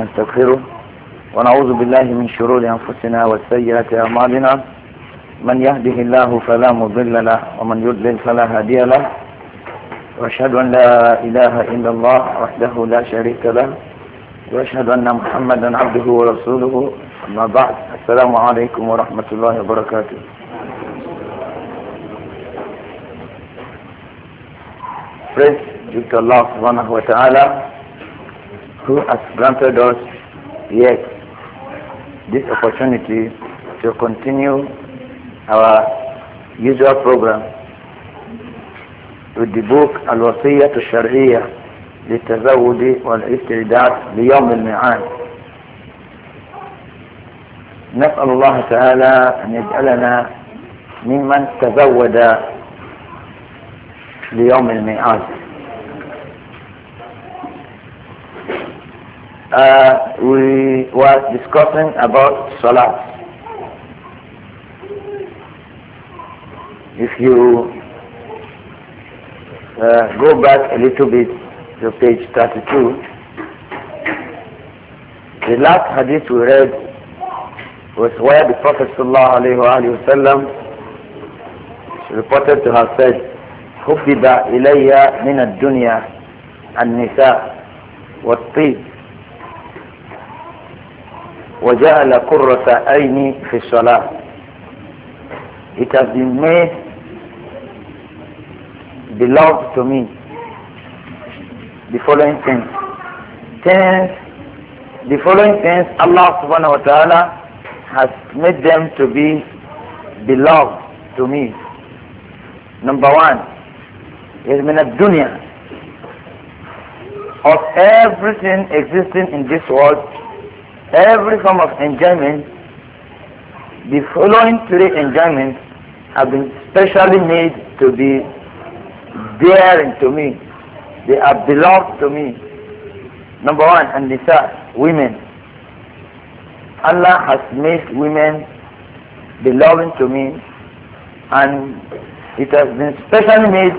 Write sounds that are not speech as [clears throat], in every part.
نستغفره ونعوذ بالله من شرور أنفسنا وسيئات أعمالنا من يهده الله فلا مضل له ومن يضلل فلا هادي له وأشهد أن لا إله إلا الله وحده لا شريك له وأشهد أن محمدا عبده ورسوله أما بعد السلام عليكم ورحمة الله وبركاته Praise to Allah subhanahu wa ta'ala who has granted us yet this opportunity to continue our usual program with the book الوصية الشرعية للتزود والاستعداد ليوم الميعاد نسأل الله تعالى أن يجعلنا ممن تزود ليوم الميعاد uh, we were discussing about Salah. If you uh, go back a little bit to page 32, the last hadith we read was where the Prophet ﷺ reported to have said, حُبِّبَ إِلَيَّ مِنَ الدُّنْيَا النِّسَاء وَالطِّيبِ وجعل قرة عيني في الصلاة it has been made beloved to me the following things things the following things Allah subhanahu wa ta'ala has made them to be beloved to me number one is min dunya of everything existing in this world every form of enjoyment, the following three enjoyments have been specially made to be daring to me. They are beloved to me. Number one, and these are women. Allah has made women beloved to me and it has been specially made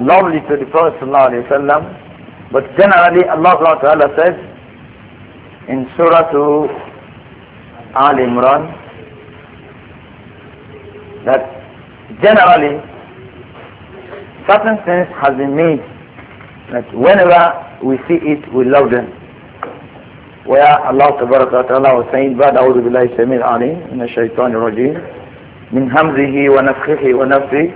lovely to the Prophet ﷺ. But generally Allah says, in Surah Al Imran that generally certain things has been made that whenever we see it we love them where Allah Ta'ala was saying بعد أعوذ بالله السميع العليم من الشيطان الرجيم من همزه ونفخه ونفثه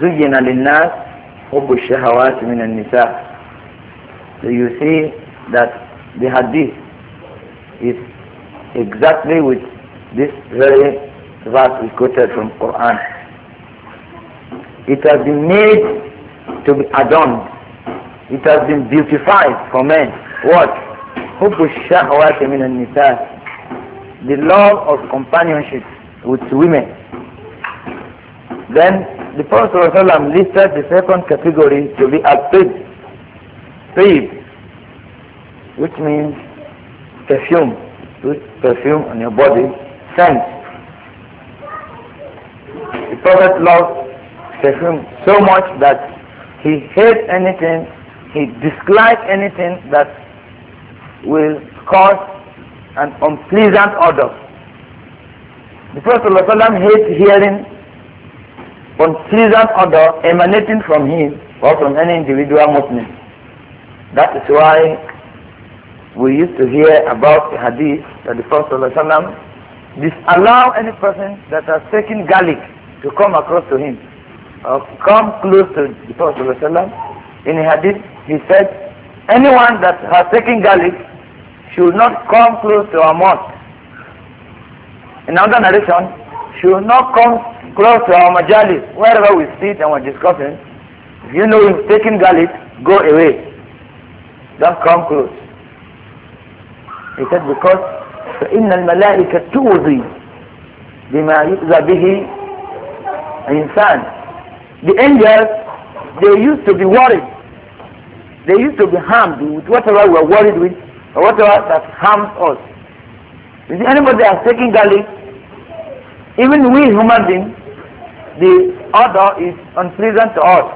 زين للناس حب الشهوات من النساء so you see that the hadith is exactly with this very verse we quoted from Quran it has been made to be adorned it has been beautified for men what حب الشهوات من النساء the love of companionship with women then the Prophet ﷺ listed the second category to be a tib, which means perfume, put perfume on your body, scent. The Prophet loved perfume so much that he hates anything, he dislikes anything that will cause an unpleasant odor. The Prophet ﷺ hates hearing unpleasant odor emanating from him or from any individual Muslim. That is why we used to hear about the hadith that the Prophet ﷺ disallow any person that has taken garlic to come across to him or come close to the Prophet ﷺ. In the hadith he said, anyone that has taken garlic should not come close to a mosque. In another narration, should not come close to our majalis, wherever we sit and we're discussing, if you know you've taken garlic, go away. Don't come close. He said, because فإن الملائكة توضي بما يؤذى به insan. The angels, they used to be worried. They used to be harmed with whatever we are worried with or whatever that harms us. Is anybody that's taking garlic? Even we human beings, the other is unpleasant to us.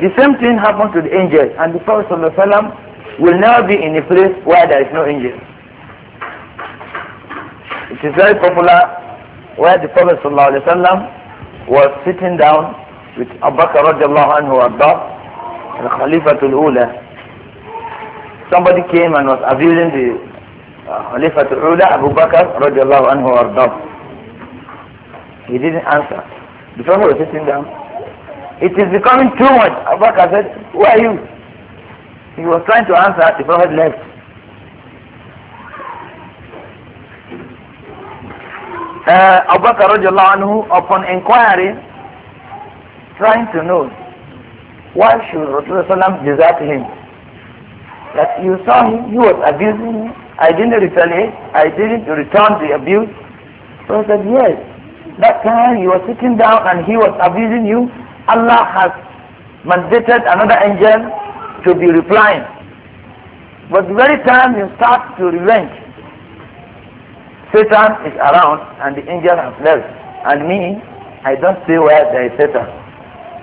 The same thing happened to the angels and the Prophet ﷺ will never be in a place where there is no angel. It is very popular where the Prophet ﷺ was sitting down with Abu Bakr radiallahu anhu and Khalifatul Ula. Somebody came and was abusing the Khalifa uh, Khalifatul Ula, Abu Bakr radiallahu anhu He didn't answer. The Prophet was sitting down. It is becoming too much. Abu Bakr said, Who are you? He was trying to answer. The Prophet left. Uh, Abu Bakr anhu, upon inquiry, trying to know why should Rasulullah desert him? That you saw him, he was abusing me. I didn't retaliate. I didn't return the abuse. So I said, yes, that time you were sitting down and he was abusing you, Allah has mandated another angel to be replying. But the very time you start to revenge, Satan is around and the angel has left. And me, I don't stay where there is Satan.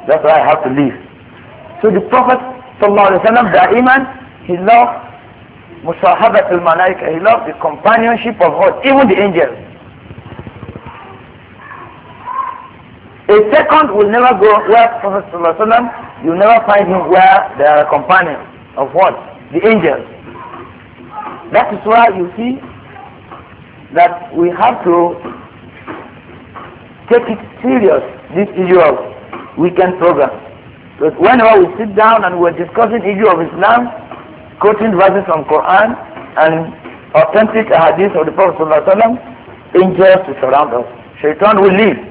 That's why I have to leave. So the Prophet Sallallahu Alaihi Wasallam, the Iman, he loved Musahabat al-Malaika, he loved the companionship of God, even the angels. A second will never go where Prophet ﷺ, you never find him where there are companions of what? The angels. That is why you see that we have to take it serious, this issue of weekend program. Because whenever we sit down and we're discussing issue of Islam, quoting verses from Quran and authentic hadith of the Prophet ﷺ, angels will surround us. Shaitan will leave.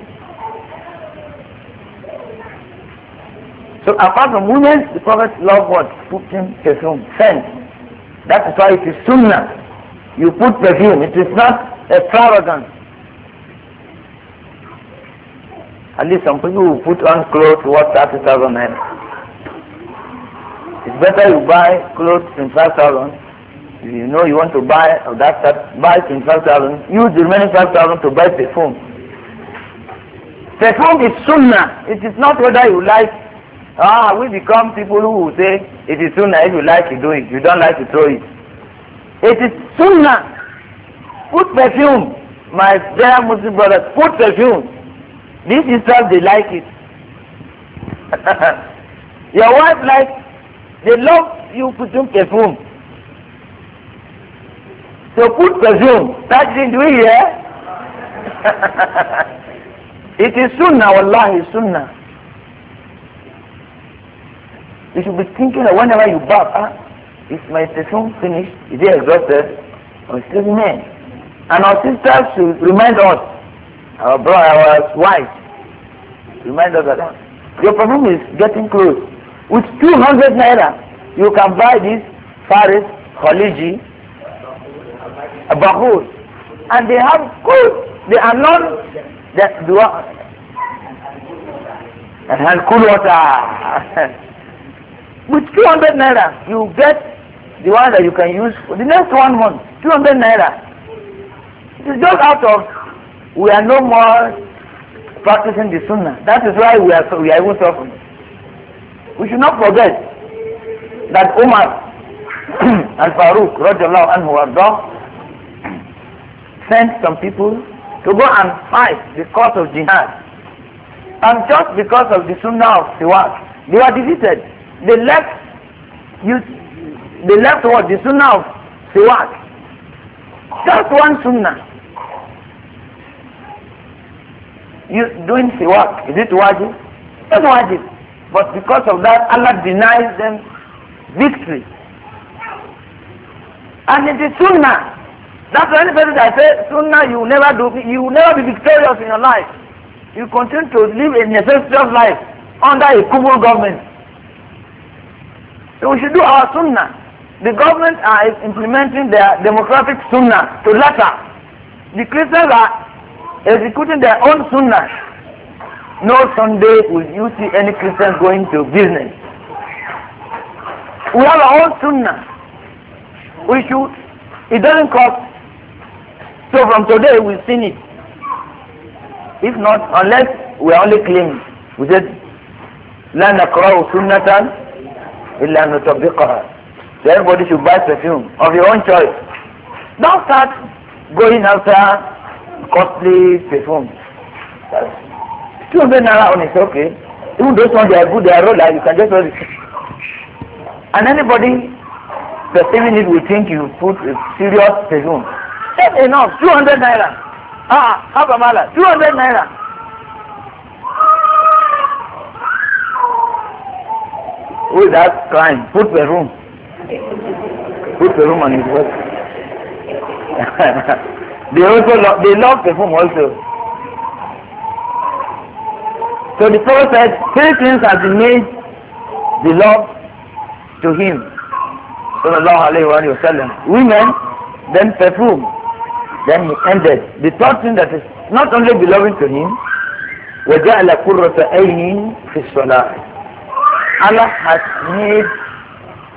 So apart from women, the Prophet loved what? Putting perfume, scent. That is why it is sunnah. You put perfume. It is not extravagant. At least some people who put on clothes worth 30,000 naira. It's better you buy clothes in 5,000. If you know you want to buy of that, that buy in 5,000. Use the remaining 5,000 to buy perfume. Perfume is sunnah. It is not whether you like Ah, we become people who will say, it is sunnah if you like to do it, you don't like to throw it. It is sunnah. Put perfume. My dear Muslim brothers, put perfume. This is how they like it. [laughs] Your wife likes, they love you putting perfume. So put perfume. That didn't do it, eh? [laughs] it is sunnah, wallahi, sunnah. You should be thinking that whenever you bath, ah, is my session finished? Is it oh, exhausted? Or still remain? And our sisters should remind us, our brother, our wife, remind us that ah, your problem is getting close. With 200 naira, you can buy this Faris, Khaliji, Bahur. And they have good, they are not, that dua. And cool water. [laughs] with 200 naira you get the one that you can use for the next one month 200 naira it is just out of we are no more practicing the sunnah that is why we are we are even suffering we should not forget that umar and [clears throat] farouk radiallahu anhu ardah sent some people to go and fight the cause of jihad and just because of the sunnah of siwak they were defeated The left you the left what the sunnah of siwak just one sunnah you doing siwak is it wajib not wajib but because of that Allah denies them victory and it is sunnah that's why any person that say sunnah you never do you will never be victorious in your life you continue to live a necessitous life under a kubur government So we should do our sunnah. The government are implementing their democratic sunnah to latter. The Christians are executing their own sunnah. No Sunday will you see any Christian going to business. We have our own sunnah. We should, it doesn't cost. So from today we've seen it. If not, unless we're only claim we just learn the نقرأ sunnah. إلا أن نطبقها so everybody should buy perfume of your own choice don't start going after costly perfume two hundred naira on it's okay even those ones they are good their are Like you can just roll it [laughs] and anybody perceiving it will think you put a serious perfume that's enough two hundred naira ah half a mala two hundred naira with that crime, put the room. Put the room on his work. [laughs] they also lo they locked the room also. So the Prophet said, three things have been made beloved to him. Sallallahu alayhi wa sallam. Women, then perfume. Then he ended. The third thing that is not only belonging to him, وَجَعْلَ قُرَّةَ أَيْنٍ فِي الصَّلَاةِ Allah has made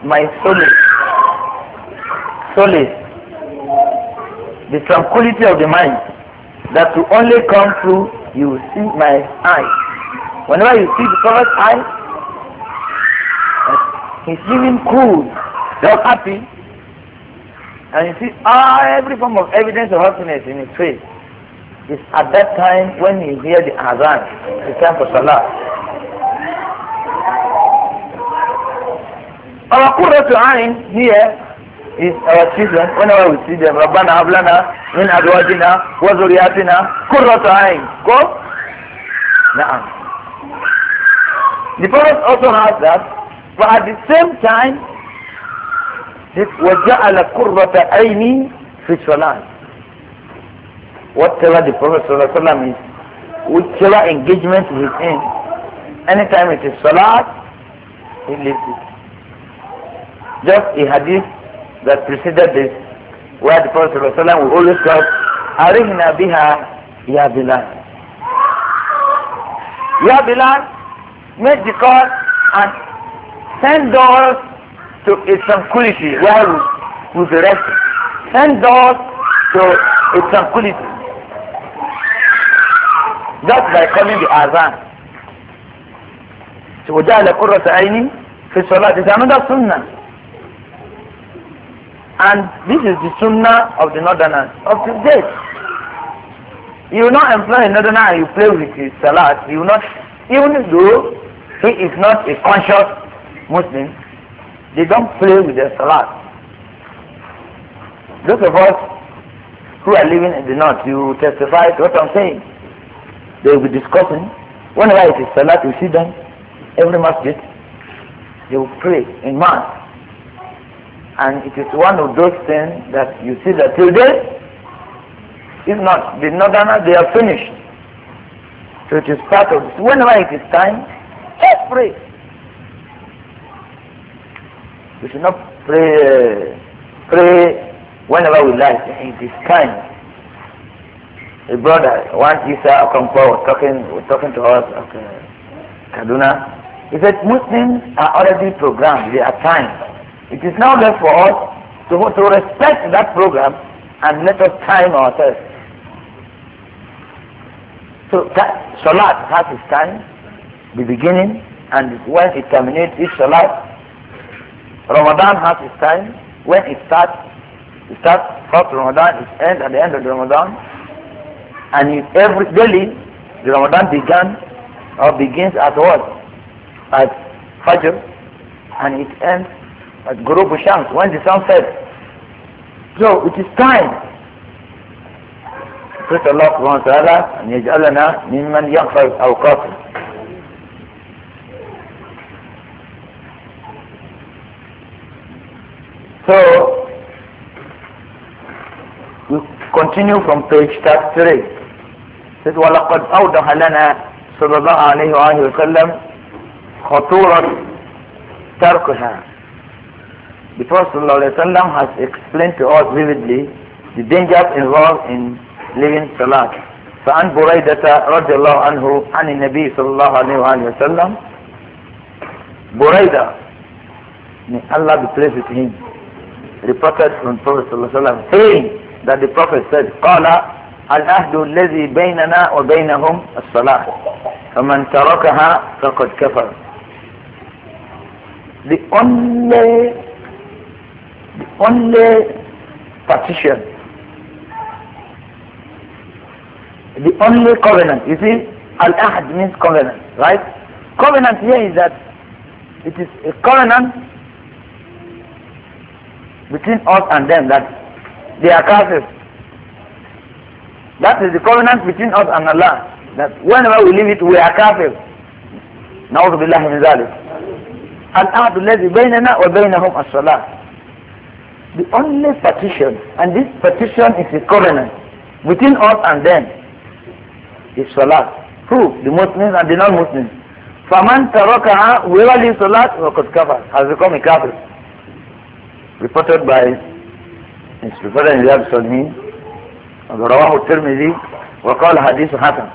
my solace, solace, the tranquility of the mind that will only come through you see my eye. Whenever you see the prophet's eye, he's feeling cool, not happy, and you see ah, every form of evidence of happiness in his face. It's at that time when you hear the azan, the time for salah. our qurratu ain here is our children whenever we see them rabbana hab min azwajina wa dhurriyyatina ain go na'am the prophet also has that but at the same time this وجعل قرة عيني في الصلاة whatever the prophet is whichever engagement he's in anytime it is salat he leaves it just a hadith that preceded this where the Prophet ﷺ will always talk Arihna biha ya Bilal Ya Bilal make the call and send doors to its tranquility where who's the rest send doors to its tranquility just by calling the Azan وجعل قرة عيني في الصلاة is another sunnah And this is the sunnah of the northern of day. You will not employ a northerner you play with his salat. You will not, even though he is not a conscious Muslim, they don't play with their salat. Those of us who are living in the north, you testify to what I'm saying. They will be discussing. Whenever it is salat, you see them, every masjid, they will pray in mass and it is one of those things that you see that till today, if not the northerners, they are finished. So it is part of this. Whenever it is time, just pray. We should not pray, pray whenever we like. It is time. A brother, one Isa Okonkwo was talking, was talking to us Kaduna. He said, Muslims are already programmed. They are timed. It is now left for us to, to respect that program and let us time ourselves. So Salat has its time, the beginning, and when it terminates it's Salat. Ramadan has its time, when it starts, it starts first Ramadan, it ends at the end of the Ramadan. And every daily, the Ramadan began or begins at what? At Fajr, and it ends at Guru Bhushan when the sun set, So it is time. So Allah subhanahu wa ta'ala and yaj'alana mimman yaghfar So we continue from page 33. Says, وَلَقَدْ أَوْضَحَ لَنَا صلى الله عليه وآله وسلم خطورة تركها the Prophet ﷺ has explained to us vividly the dangers involved in leaving Salat. فعن بريدة رضي الله عنه عن النبي صلى الله عليه وآله وسلم بريدة may Allah be pleased with him reported from Prophet صلى الله عليه وسلم saying that the Prophet said قال العهد الذي بيننا وبينهم الصلاة فمن تركها فقد كفر the only only partition, the only covenant. You see, Al-Ahd means covenant, right? Covenant here is that it is a covenant between us and them that they are kafirs. That is the covenant between us and Allah. That whenever we leave it, we are kafirs. نعوذ بالله من ذلك. الأعد الذي بيننا وبينهم الصلاة the only partition, and this partition is a covenant between us and them, is Salat. Who? The Muslims and the non-Muslims. فَمَنْ تَرَكَهَا وَيَوَلِي صَلَاتْ وَقَدْ كَفَرْ has become a kafir. Reported by, it's reported in Riyadh Salmi, رواه الترمذي وقال حديث حسن.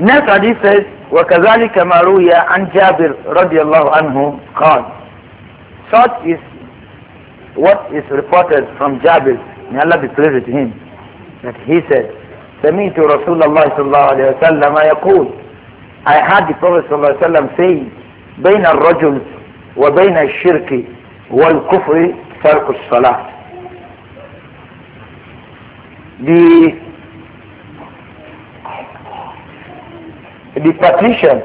Next hadith says, وكذلك ما روي عن جابر رضي الله عنه قال such is what is reported from Jabir, may Allah be pleased to him, that he said, سمعت رسول الله صلى الله عليه وسلم يقول I heard the Prophet صلى الله عليه وسلم saying بين الرجل وبين الشرك والكفر ترك الصلاة the the partition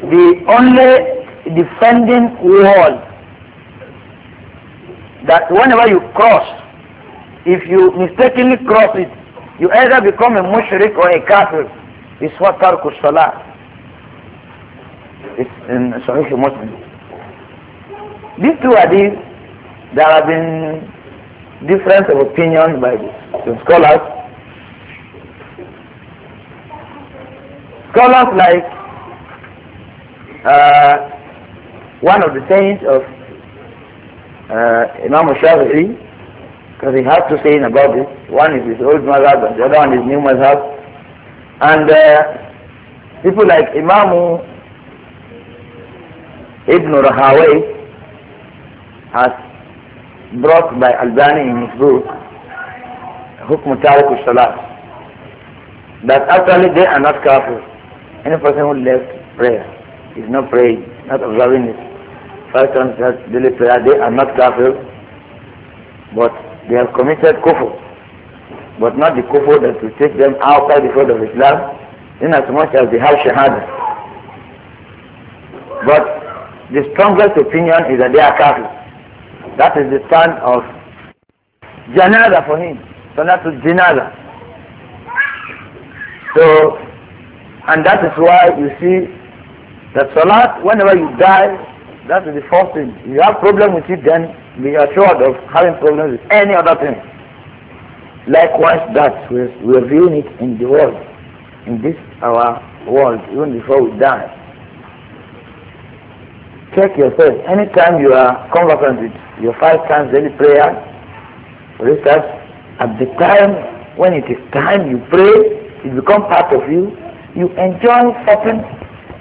the only defending wall that whenever you cross, if you mistakenly cross it, you either become a mushrik or a kafir. It's what tarku salah. It's in Sahih Muslim. These two hadith, there have been difference of opinion by the scholars. Scholars like uh, one of the sayings of uh, Imam Shafi'i, because he has two sayings about this. One is his old mazhab and the other one is new mazhab. And uh, people like Imam Ibn Rahawai has brought by Albani in his book Hukm Tariq Salat that actually they are not careful. Any person who left prayer is not praying, not observing it five times daily they are not kafir, but they have committed kufr. But not the kufr that will take them outside the fold of Islam, in as much as they have shahada. But the strongest opinion is that they are kafir. That is the stand of janada for him. So that's janada. So, and that is why you see that salat, whenever you die, that is the first thing. If you have problem with it, then be assured of having problems with any other thing. Likewise, that we are viewing it in the world, in this our world, even before we die. Check yourself. Anytime you are conversant with your five times daily prayer, for instance, at the time when it is time you pray, it becomes part of you. You enjoy certain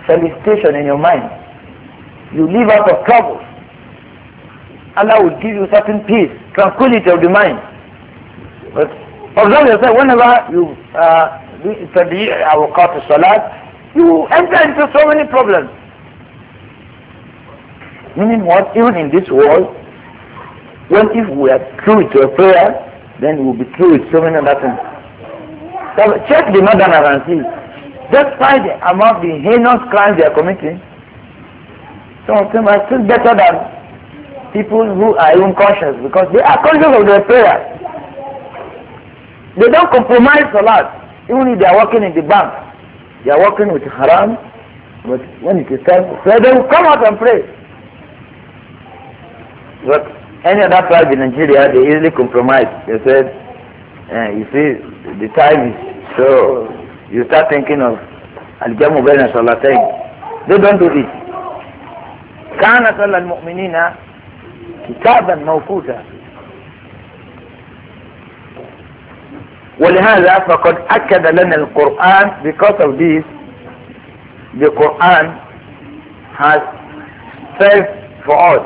felicitation in your mind. You live out of trouble. Allah will give you certain peace, tranquility of the mind. But observe yourself, whenever you uh, our to salat, you enter into so many problems. Meaning what? Even in this world, when if we are true to a prayer, then we'll be true with so many other things. So check the modern and see. Despite the amount of the heinous crimes they are committing, some of them are still better than people who are even conscious because they are conscious of their prayer. They don't compromise a lot. Even if they are working in the bank, they are working with haram, but when it is time to pray, they will come out and pray. But any other tribe in Nigeria, they easily compromise. They said, eh, you see, the time is so, you start thinking of Al-Jamu salah thing. They don't do it. كانت على المؤمنين كتابا موقوتا ولهذا فقد أكد لنا القرآن because of this the Quran has said for us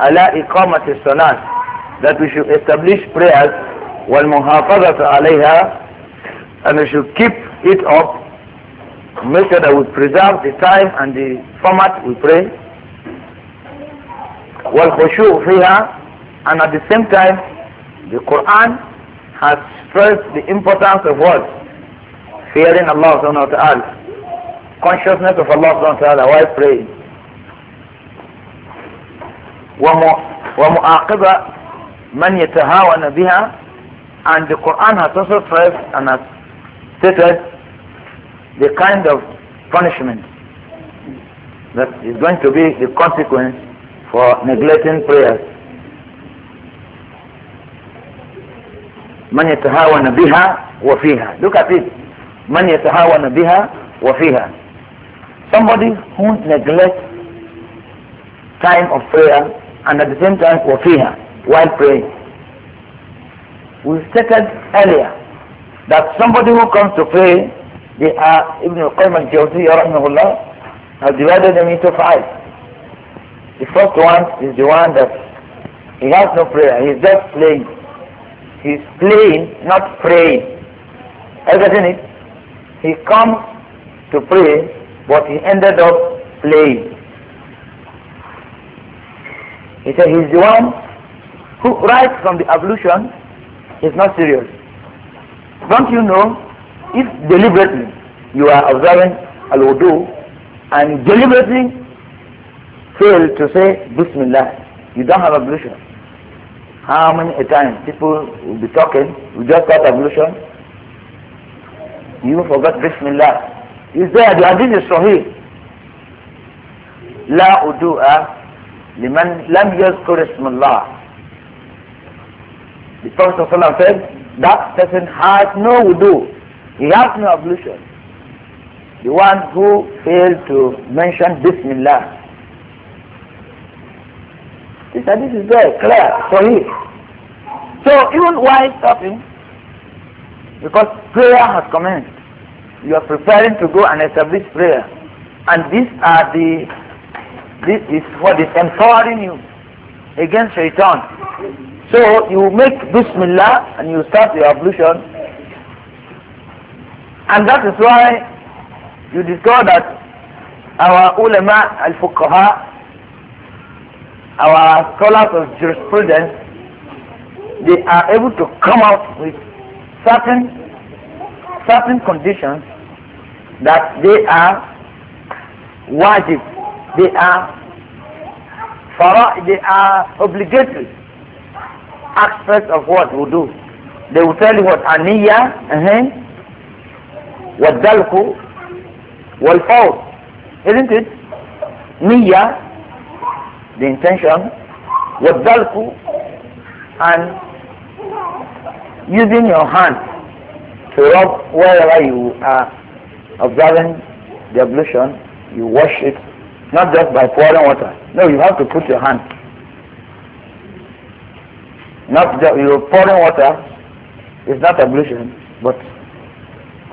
على إقامة الصلاة that we should establish prayers والمحافظة عليها and we should keep it up make sure that we preserve the time and the format we pray والخشوع فيها and at the same time the Quran has stressed the importance of what? Fearing Allah subhanahu wa ta'ala. Consciousness of Allah subhanahu wa ta'ala while praying. ومعاقب من يتهاون بها and the Quran has also stressed and has stated the kind of punishment that is going to be the consequence for neglecting prayers man yatahawana biha wa fiha look at it man yatahawana biha wa fiha somebody who neglects time of prayer and at the same time wa fiha while praying we stated earlier that somebody who comes to pray they are Ibn Qayyim al-Jawziyya rahimahullah has divided them into five the first one is the one that he has no prayer. He's just playing. He's playing, not praying. Are it? He comes to pray, but he ended up playing. He said he's the one who writes from the ablution is not serious. Don't you know, if deliberately you are observing al-wudu and deliberately fail to say Bismillah, you don't have ablution. How many a time people will be talking, we just got ablution, you forgot Bismillah. Is there, the hadith is Sahih. لا أدوء لمن لم يذكر اسم الله the Prophet ﷺ said, that person has no wudu. He has no ablution. The one who failed to mention Bismillah. This is very clear for him. So even while stopping, because prayer has commenced, you are preparing to go and establish prayer. And these are the, this is what is empowering you against shaitan. So you make bismillah and you start your ablution. And that is why you discover that our ulama al-fuqaha our scholars of jurisprudence, they are able to come out with certain certain conditions that they are wajib, they are for, they are obligatory aspects of what we do. They will tell you what aniya, uh-huh, what dalku, what fault, isn't it? Ania the intention with wadalku and using your hand to rub wherever you are observing the ablution you wash it not just by pouring water no you have to put your hand not just you pouring water is not ablution but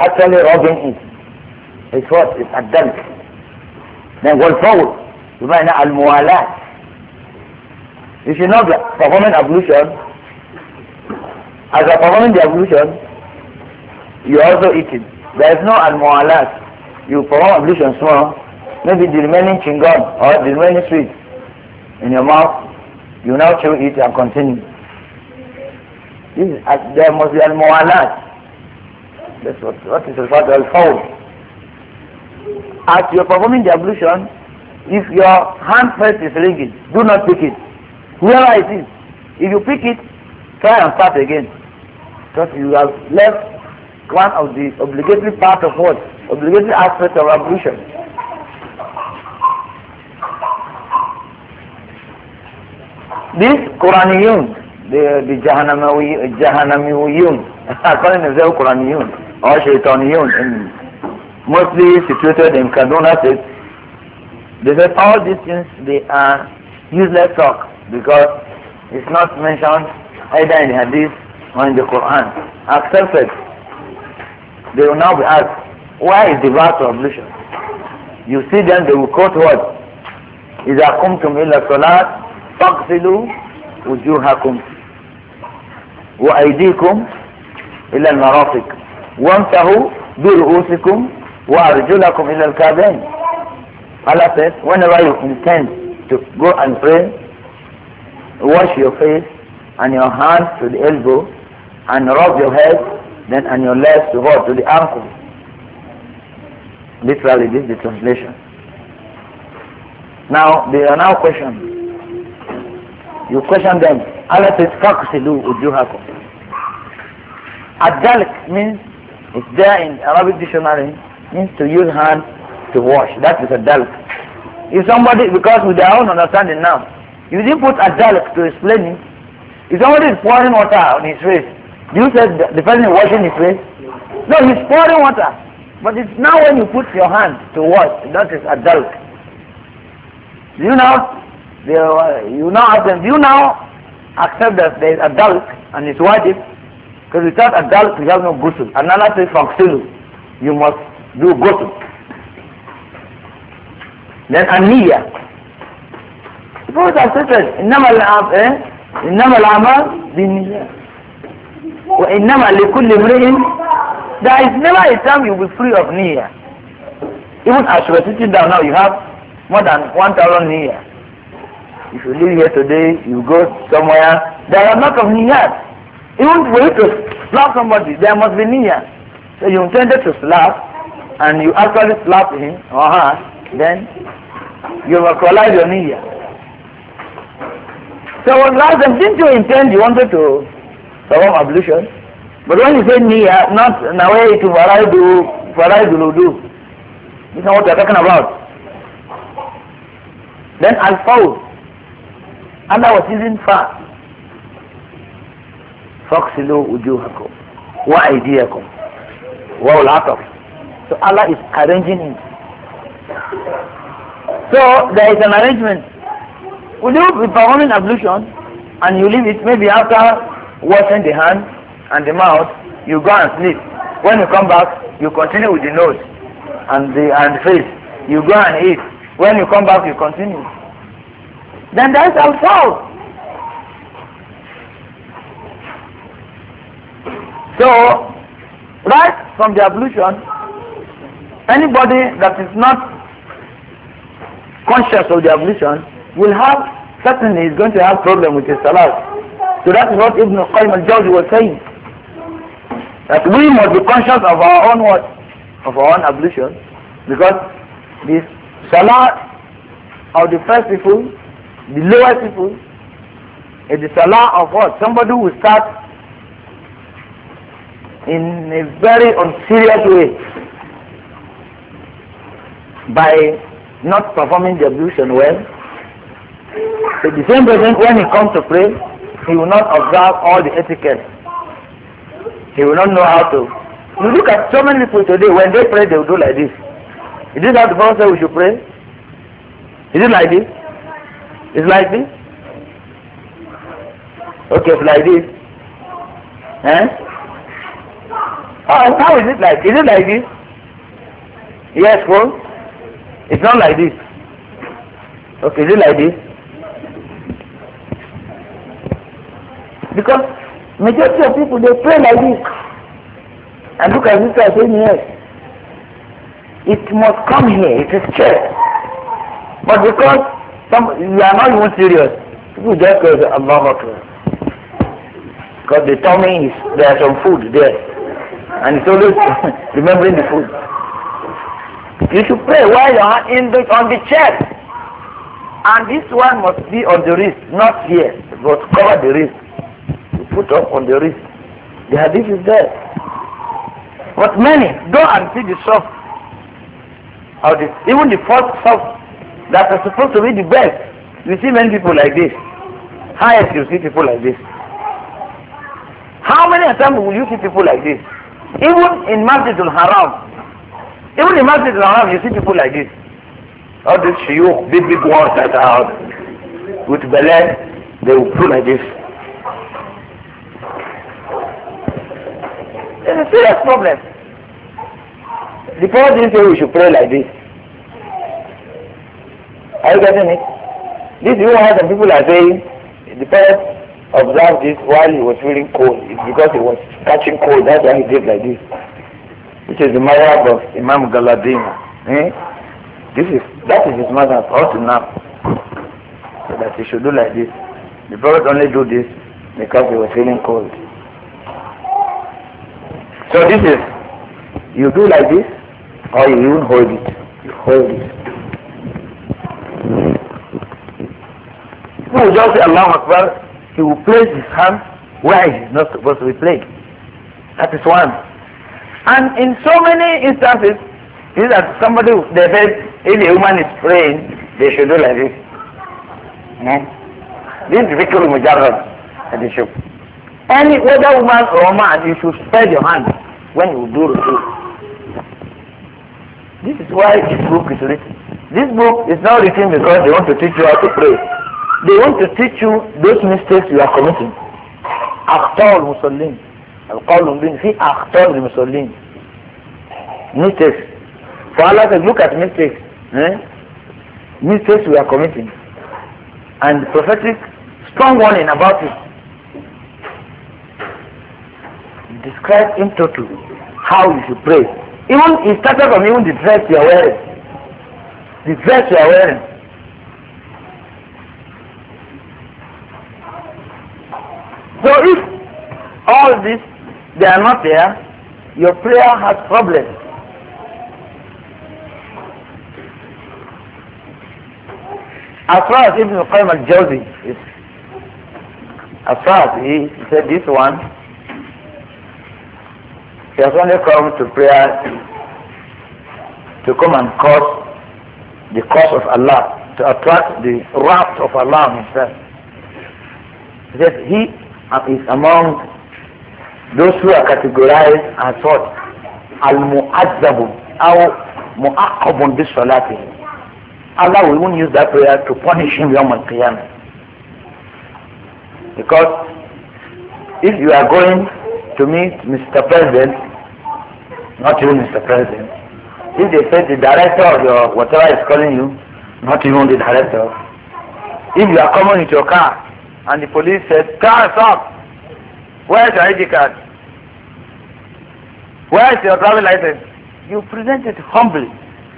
actually rubbing it it's what it's adult then what forward al الموالاة you should not be performing ablution. As you're performing the ablution, you're also eating. There is no al-mu'alat. You perform ablution small, maybe the remaining chingom or the remaining sweet in your mouth, you now chew it and continue. This is, uh, there must be al-mu'alat. That's what, what is referred to al-fawl. As you're performing the ablution, if your hand first is ringing, do not pick it wherever it is if you pick it try and start again because you have left one of the obligatory part of what obligatory aspect of ablution this Quraniyun the the Jahannamiyun [laughs] according to themselves Quraniyun or Shaitaniyun in mostly situated in Kaduna State they said all these things they are useless talk because it's not mentioned either in hadith or in the Quran. Accepted. They will now be asked, why is the verse ablution? You see them, they will quote what? إذا قمتم إلى الصلاة فاغسلوا وجوهكم وأيديكم إلى المرافق وامسحوا برؤوسكم وأرجلكم إلى الكعبين Allah says, whenever you intend to go and pray, wash your face and your hands to the elbow and rub your head then and your legs to what? To the ankle. Literally, this is the translation. Now, they are now questions. You question them. Allah says, فَقْسِلُوا وُجُوهَكُمْ Adalik means, it's there in Arabic dictionary, means to use hand to wash. That is adalik. If somebody, because with their own understanding now, you didn't put adult to explain it. If somebody is pouring water on his face, you said the person is washing his face? No, he's pouring water. But it's now when you put your hand to wash, that is adult. You know, they, you now ask them, you now accept that there is adult and it's washing. Because without adult, we have no ghusl. Another thing, from ghusl, you must do ghusl. Then aniyah. Suppose I've stated, إنما الأعمال إيه؟ إنما الأعمال بالنيات وإنما لكل امرئ There is never a time you will be free of niyyah. Even as you are sitting down now, you have more than one thousand niyyah. If you leave here today, you go somewhere, there are a lot of niyyahs. Even for you to slap somebody, there must be niyyah. So you intended to slap, and you actually slap him or her, then you will collide your niyyah. when last time, didn't you intend you wanted to perform ablution? But when you say niya, ah, not way to faraidu, faraidu do. You know what you are talking about. Then I al and I was using fast. فَاقْسِلُوا What وَأَيْدِيَكُمْ وَالْعَطَفْ So Allah is arranging it. So there is an arrangement you perform an ablution and you leave it maybe after washing the hand and the mouth, you go and sleep. When you come back, you continue with the nose and the and the face. You go and eat. When you come back, you continue. Then that's our fault. So, right from the ablution, anybody that is not conscious of the ablution will have certainly he's going to have problem with his salah. So that's what Ibn Qayyim al-Jawzi was saying. That we must be conscious of our own what? Of our own ablution. Because this salah of the first people, the lowest people, is the salah of what? Somebody who starts in a very unserious way by not performing the ablution well the same person, when he comes to pray, he will not observe all the etiquette. He will not know how to. You look at so many people today, when they pray, they will do like this. Is this how the Prophet we should pray? Is it like this? Is like this? Okay, it's like this. Eh? Oh, how is it like? Is it like this? Yes, well, It's not like this. Okay, is it like this? Because majority of people, they pray like this. And look at this as saying yes. It must come here. It is church. But because some, you are not even serious, people just go to Allah Because they tell me there are some food there. And it's always [laughs] remembering the food. You should pray while you are in the, on the chest. And this one must be on the wrist, not here. It must cover the wrist put up on the wrist. The hadith is there. But many go and see the shop. even the first shop that are supposed to be the best. You see many people like this. Highest you see people like this. How many times will you see people like this? Even in Masjid al-Haram. Even in Masjid al-Haram you see people like this. All these shiyukh, big big ones that are out with belay, they will pull like this. It's a serious problem. The Prophet didn't say we should pray like this. Are you getting it? This is why some people are saying the Prophet observed this while he was feeling cold. It's because he was catching cold. That's why he did like this. Which is the madhab of Imam Galadima. Eh? This is that is his mother taught him So that he should do like this. The Prophet only do this because he was feeling cold. So this is, you do like this or you even hold it. You hold it. No, just say Allah Akbar, he will place his hand where he is not supposed to be placed. That is one. And in so many instances, is that somebody, they said, if a woman is praying, they should do like this. Hmm? This is Vikul Mujarrad, that they should Any whether woman or man, you should spread your hand when you do ruku. This is why this book is written. This book is not written because they want to teach you how to pray. They want to teach you those mistakes you are committing. أخطاء المصلين القول المبين في أخطاء المصلين mistakes for Allah said look at mistakes eh? mistakes we are committing and prophetic strong warning about it described in total how you should pray. Even it started from even the dress you are wearing. The dress you are wearing. So if all this they are not there, your prayer has problems. As far as Ibn Qayyim al-Jawzi as far as he said this one, he has only come to prayer to come and cause the cause of Allah, to attract the wrath of Allah himself. He says he is among those who are categorized as thought Al-Mu'azzabu or Mu'aqqabun bi-Salatihi. Allah will even use that prayer to punish him Yom Al-Qiyamah. Because if you are going to meet Mr. President, not you, Mr. President. If they say the director of your whatever is calling you, not even the director. If you are coming with your car and the police says, car stop, where is your ID card? Where is your driving license? You present it humbly.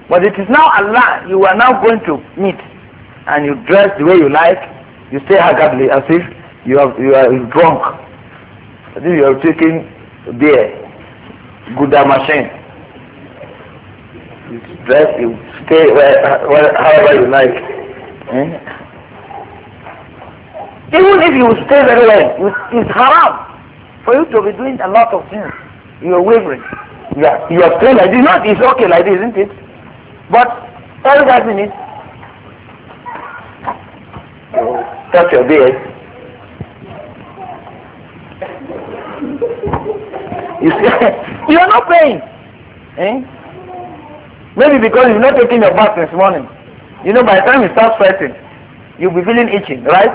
But it is now Allah you are now going to meet and you dress the way you like, you stay haggardly as if you, have, you are drunk this you are taking beer, Gouda machine. You dress, you stay where, where, however you like. Hmm? Even if you stay very well, it's haram for you to be doing a lot of things. You are wavering. Yeah, you are praying like this. Not, it's okay like this, isn't it? But all that means touch your beard. [laughs] you are not paying. Eh? Maybe because you're not taking your bath this morning. You know, by the time you start sweating, you'll be feeling itching, right?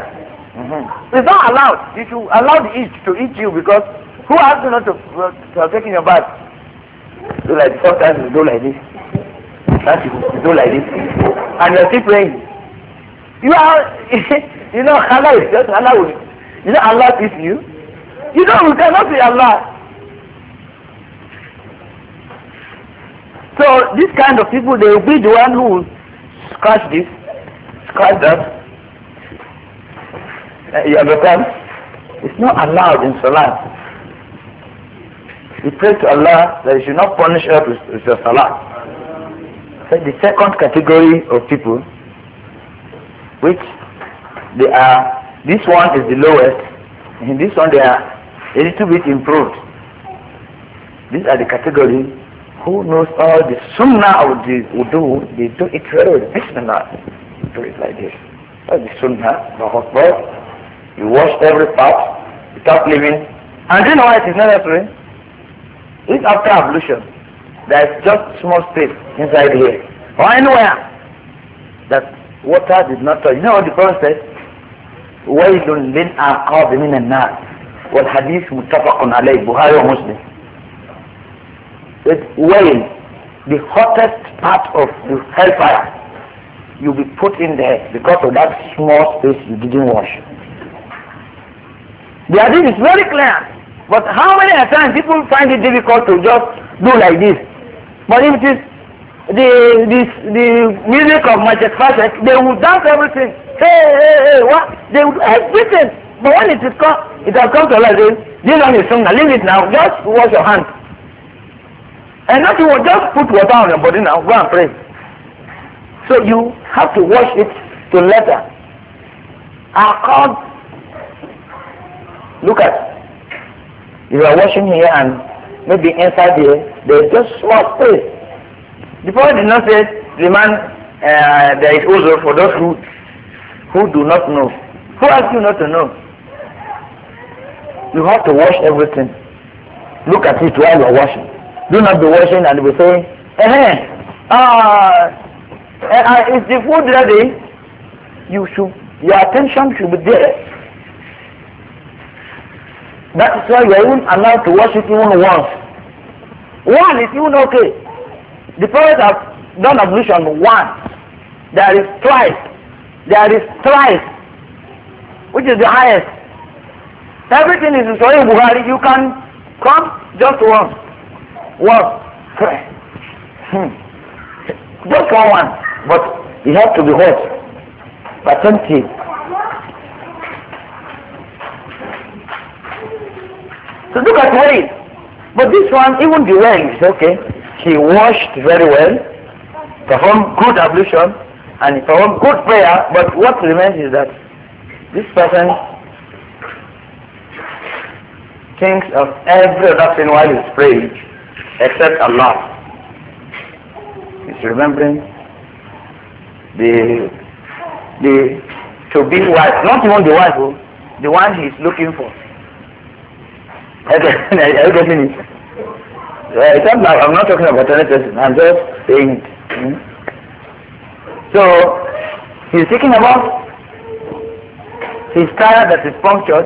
Mm -hmm. It's not allowed. You should allow the itch to eat you because who asked you not to, uh, to your bath? Do like sometimes you do like this. That you do like this. And you're still praying. You are, [laughs] you know, Allah is just Allah will, you know, Allah is you. You know, we cannot say Allah. So this kind of people, they will be the one who scratch this, scratch that. Uh, you understand? It's not allowed in Salah. We pray to Allah that He should not punish us with, with the Salah. So the second category of people, which they are, this one is the lowest, and this one they are a little bit improved. These are the category who knows all the sunnah of the wudu, they do it very well. Bismillah. do it like this. That's the sunnah, the hot You wash every part without leaving. And you know it is necessary? It's after ablution. There's just small space inside here or anywhere that water did not touch. You know what the Prophet said? وَيْلٌ لِلْأَعْقَابِ and not?" والحديث متفق عليه Buhari or Muslim it when the hottest part of the hellfire you'll be put in there because of that small space you didn't wash the hadith is very clear but how many times people find it difficult to just do like this but if it is the this the music of Magic Fashion, they will dance everything. Hey, hey, hey, what? They would everything. But when it is called it has come to Allah says, this one is sunnah, leave it now, just wash your hands. And not you will just put water on your body now, go and pray. So you have to wash it to our God Look at. You are washing here and maybe inside here, there is just small space. The Prophet did not say, the man, uh, there is also for those who, who do not know. Who ask you not to know? you have to wash everything. Look at it while you're washing. Do not be washing and be saying, ah, eh, ah, uh, uh, is the food ready? You should, your attention should be there. That is why you are even allowed to wash it even once. One is even okay. The Prophet has done ablution once. There is twice. There is thrice, which is the highest. Everything is in Sahih Bukhari. You can come just one. One. Hmm. Just one one. But you have to be hot. Attentive. So look at Harry. But this one, even the well is okay. He washed very well, performed good ablution, and performed good prayer, but what remains is that this person thinks of every other thing while he's praying except Allah. He's remembering the the to be wife, not even the wife, who oh, the one he's looking for. [laughs] it? I'm not talking about any person. I'm just saying. Hmm? So he's thinking about his tire that is punctured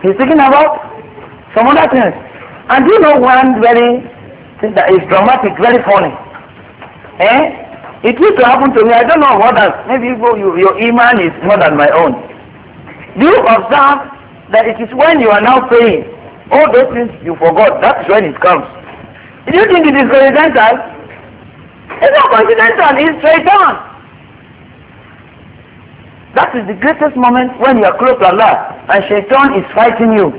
He's speaking about some other things. And do you know one very thing that is dramatic, very funny? Eh? It used to happen to me. I don't know what that. Maybe you, you, your iman is more than my own. Do you observe that it is when you are now praying all those things you forgot? is when it comes. Do you think it is coincidental? It's not coincidental. It's straight on. That is the greatest moment when you are close to Allah. and shaitan is fighting you.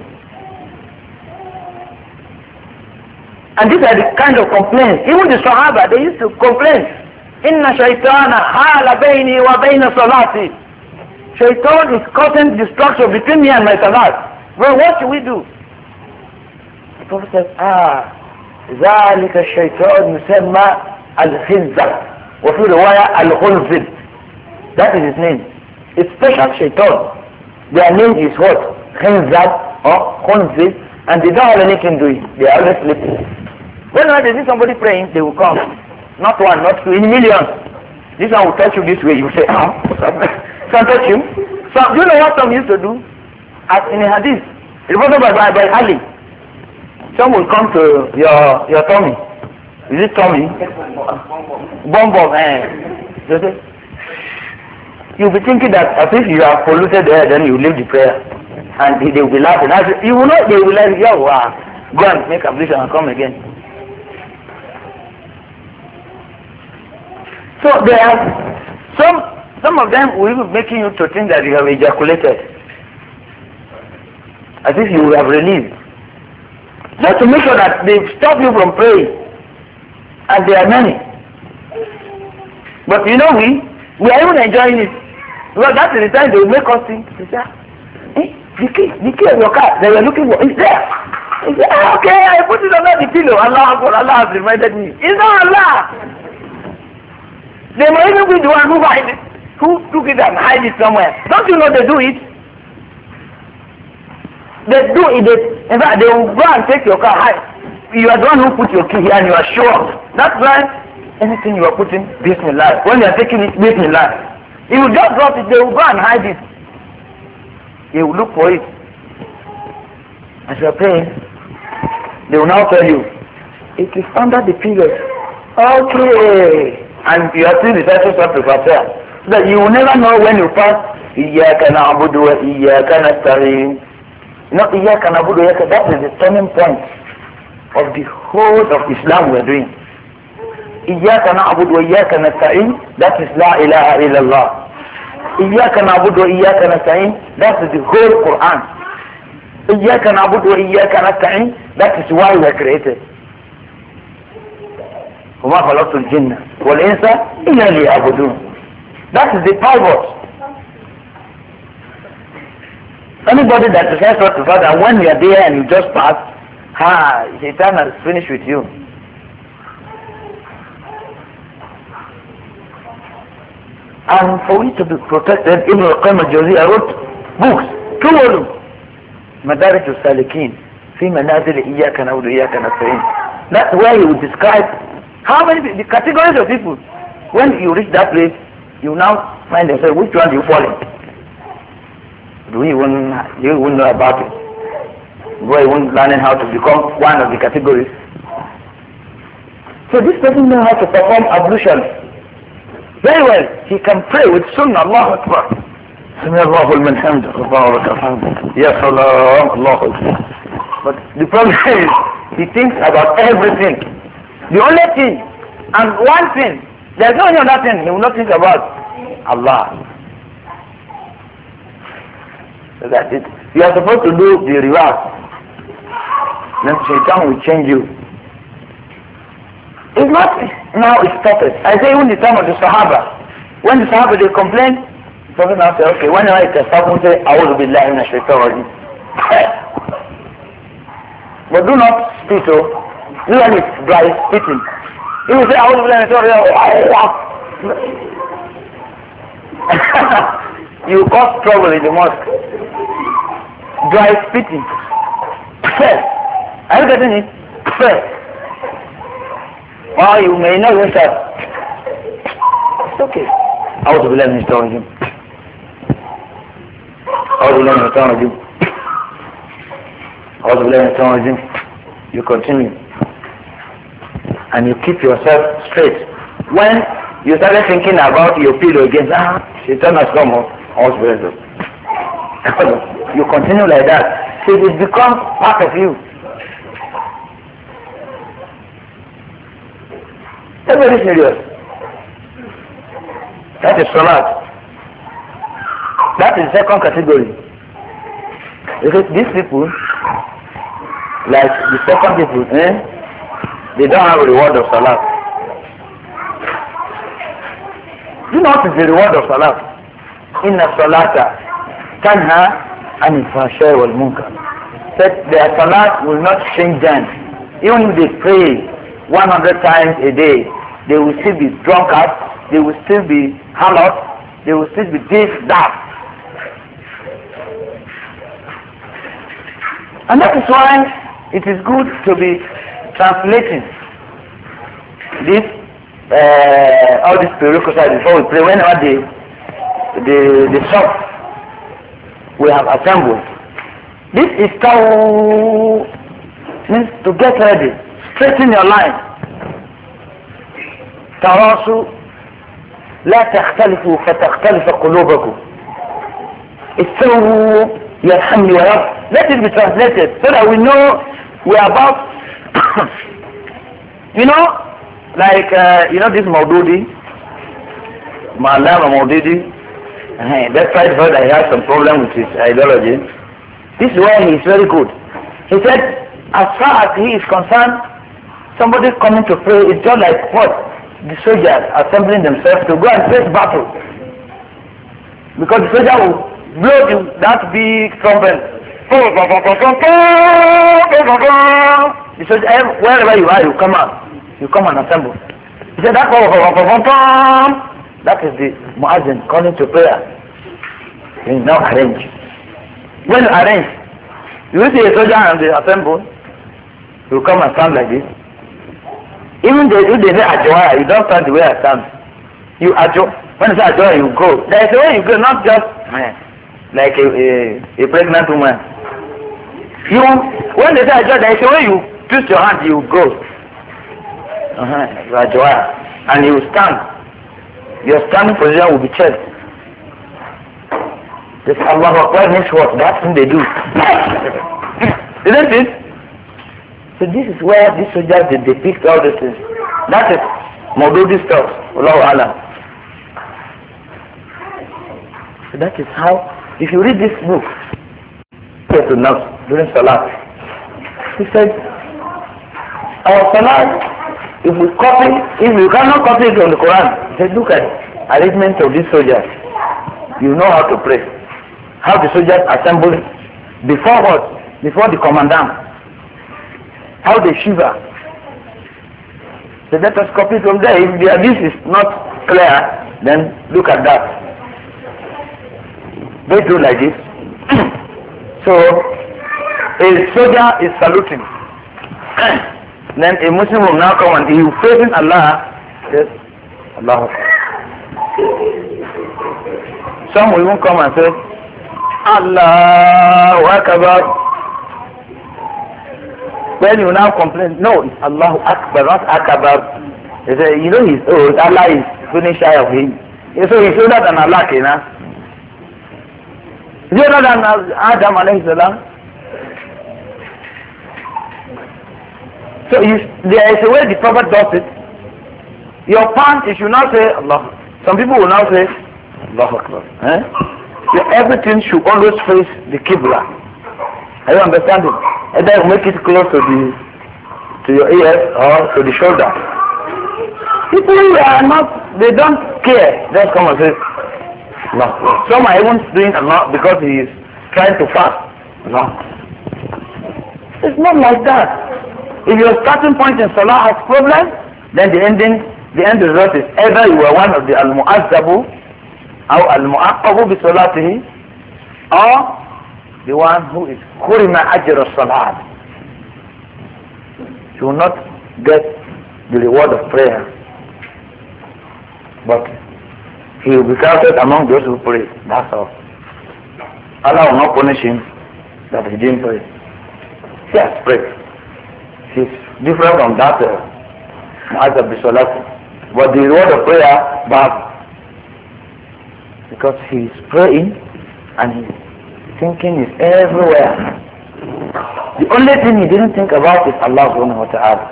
And these are the kind of complaints. Even the Sahaba, they used to complain. Inna shaitana hala bayni wa bayna salati. Shaitan is causing destruction between me and my salat. Well, what should we do? The Prophet says, ah, ذلك الشيطان يسمى الخزة وفي رواية الخنزب That is his name. It's special shaitan. Their name is what? Khinzab or Khunzi, and they don't have anything to do. They are always sleeping. Whenever they see somebody praying, they will come. Not one, not two, in millions. This one will touch you this way. You say, ah, [laughs] some touch you. So, do you know what some used to do? As in a hadith, reported by, by, by Ali, some will come to your your tummy. Is it tummy? Bomb bomb. Eh. you'll be thinking that as if you have polluted there, then you leave the prayer. And they will be laughing. As you will not, they will like, yeah, wow. go and make ablution and come again. So there are some, some of them will be making you to think that you have ejaculated. As if you have released. Just to make sure that they stop you from praying. And there are many. But you know we, we are even enjoying it. Well, that is the time they will make us think. They say, the key, the key of your car, they were looking for, is there? Is there? Ah, okay, I put it under the pillow. Allah, Allah has reminded me. Is that Allah. They may even be the one who hide it, who took it and hide it somewhere. Don't you know they do it? They do it. They, in fact, they will go and take your car. Hide. You are the one who put your key here and you are sure. That's why anything you are putting, Bismillah. When you are taking it, Bismillah. He will just drop it, they will go and hide it. They will look for it. As you are praying, they will now tell you, it is under the period. Okay. Eh, and you are still the person to prepare. So that you will never know when you pass. إياك نعبد وإياك نستعين. Not إياك نعبد وإياك. That is the turning point of the whole of Islam we are doing. إياك نعبد وإياك نستعين. That is la إله illallah iyyaka na'budu wa iyyaka nasta'in that is the whole Quran iyyaka na'budu wa iyyaka nasta'in that is why we are created وما خلقت الجن والإنس إلا ليعبدون That is the pivot. Anybody that decides not to father, when you are there and you just pass, ha, Satan has finished with you. And for we to be protected, Ibn al-Qayyim al wrote books, two volumes. Madarij al-Salikin, fi manazil iyyaka na'budu iyyaka nasta'in. That's where he would describe how many the categories of people. When you reach that place, you now find yourself which one you fall in. Do you even you even know about it? Do you even learning how to become one of the categories? So this person knows how to perform ablution very well, he can pray with Sunnah, Allah Akbar. Sami Allahu al hamdah, Ya Salam, Allahu But the problem [laughs] is, he thinks about everything. The only thing, and one thing, there's no other thing he will not think about, Allah. So that's it. You are supposed to do the reverse. Then Shaitan will change you. It's not now it's stopped. I say even the time of the Sahaba. When the Sahaba they complain, the Prophet now say, okay, when I test up say, I will be lying in shaitan [laughs] But do not speak so. Do not dry speaking. He will say, I will be lying in shaitan [laughs] You cause trouble in the mosque. Dry spitting. [laughs] Are you getting it? Ah, you may not wake It's okay. I بالله من الشيطان الرجيم. أعوذ بالله من الشيطان الرجيم. أعوذ بالله You continue. And you keep yourself straight. When you started thinking about your pillow again, ah, Shaitan has come up. أعوذ بالله. You continue like that. See, it becomes part of you. very serious. That is salat. That is second category. Because these people, like the second people, eh, they don't have reward of salat. Do you know what is the reward of salat? Inna salata tanha an fashai wal munkar. That their salat will not change them. Even if they pray 100 times a day, they will still be drunkards, they will still be harlots, they will still be this, that. And that is why it is good to be translating this, uh, all these prerequisites before we pray, whenever the, the, the shop we have assembled. This is how means to get ready, straighten your line. تراسوا لا تختلفوا فتختلف قلوبكم استووا يرحمني يا رب لا تلبس لا ترى النوع ويا بعض you know like uh, you know this Maududi Malama Maududi that fight heard I have some problem with his ideology this way he is very good he said as far as he is concerned somebody coming to pray it's just like what the soldiers assembling themselves to go and face battle because the soldier will blow the, that big trumpet. The soldier, eh, wherever you are, you come out. You come and assemble. He said, that, that is the muazzin calling to prayer. He now arrange. When you arrange, you see a soldier and they assemble, you come and stand like this. Even the, if they say Ajawara, ah, you don't stand the way I stand. You Ajo, when you say Ajawara, you go. There is a way you go, not just eh, like a, a, a pregnant woman. You, when they say Ajawara, there is a way you twist your hand, you go. Uh-huh, you Ajawara. Ah, and you stand. Your standing position will be checked. This Allah Akbar means what? That's what they do. [laughs] Isn't it? So this is where these soldiers they depict all these things. That is Maududi stuff, Allah Allah. So that is how, if you read this book, to now during Salah, he said, our Salah, if we copy, if you cannot copy it from the Quran, he said, look at arrangement of these soldiers. You know how to pray. How the soldiers assemble before what? Before the commandant how they shiver. So let us copy from there. If this is not clear, then look at that. They do like this. [clears throat] so a soldier is saluting. [clears throat] then a Muslim will now come and he is praising Allah. Yes. Allah. Some will even come and say, Allah Akbar. When you now complain, no, it's Allahu Akbar, not Akbar. He said, you know he's old, Allah is finished shy of him. He said, he's older than Allah, you know. He's older than Adam, alayhi salam. So you, there is a way the Prophet does it. Your pant, you should not say Allah. Some people will now say, Allah. Akbar. Eh? everything should always face the Qibla. Are you understanding? Either you make it close to the to your ears or to the shoulder. People are not they don't care. Just come and say no. Some are even doing a lot because he is trying to fast. No. It's not like that. If your starting point in Salah has problems, then the ending the end result is either you are one of the al-mu'azzabu or al-mu'aqqabu bi salatihi or the one who is kurima ajr salat should will not get the reward of prayer but he will be counted among those who pray that's all Allah will not punish him that he didn't pray he has prayed he's different from that uh, salat but the reward of prayer bad because he is praying and he is Thinking is everywhere. The only thing he didn't think about is Allah subhanahu wa ta'ala.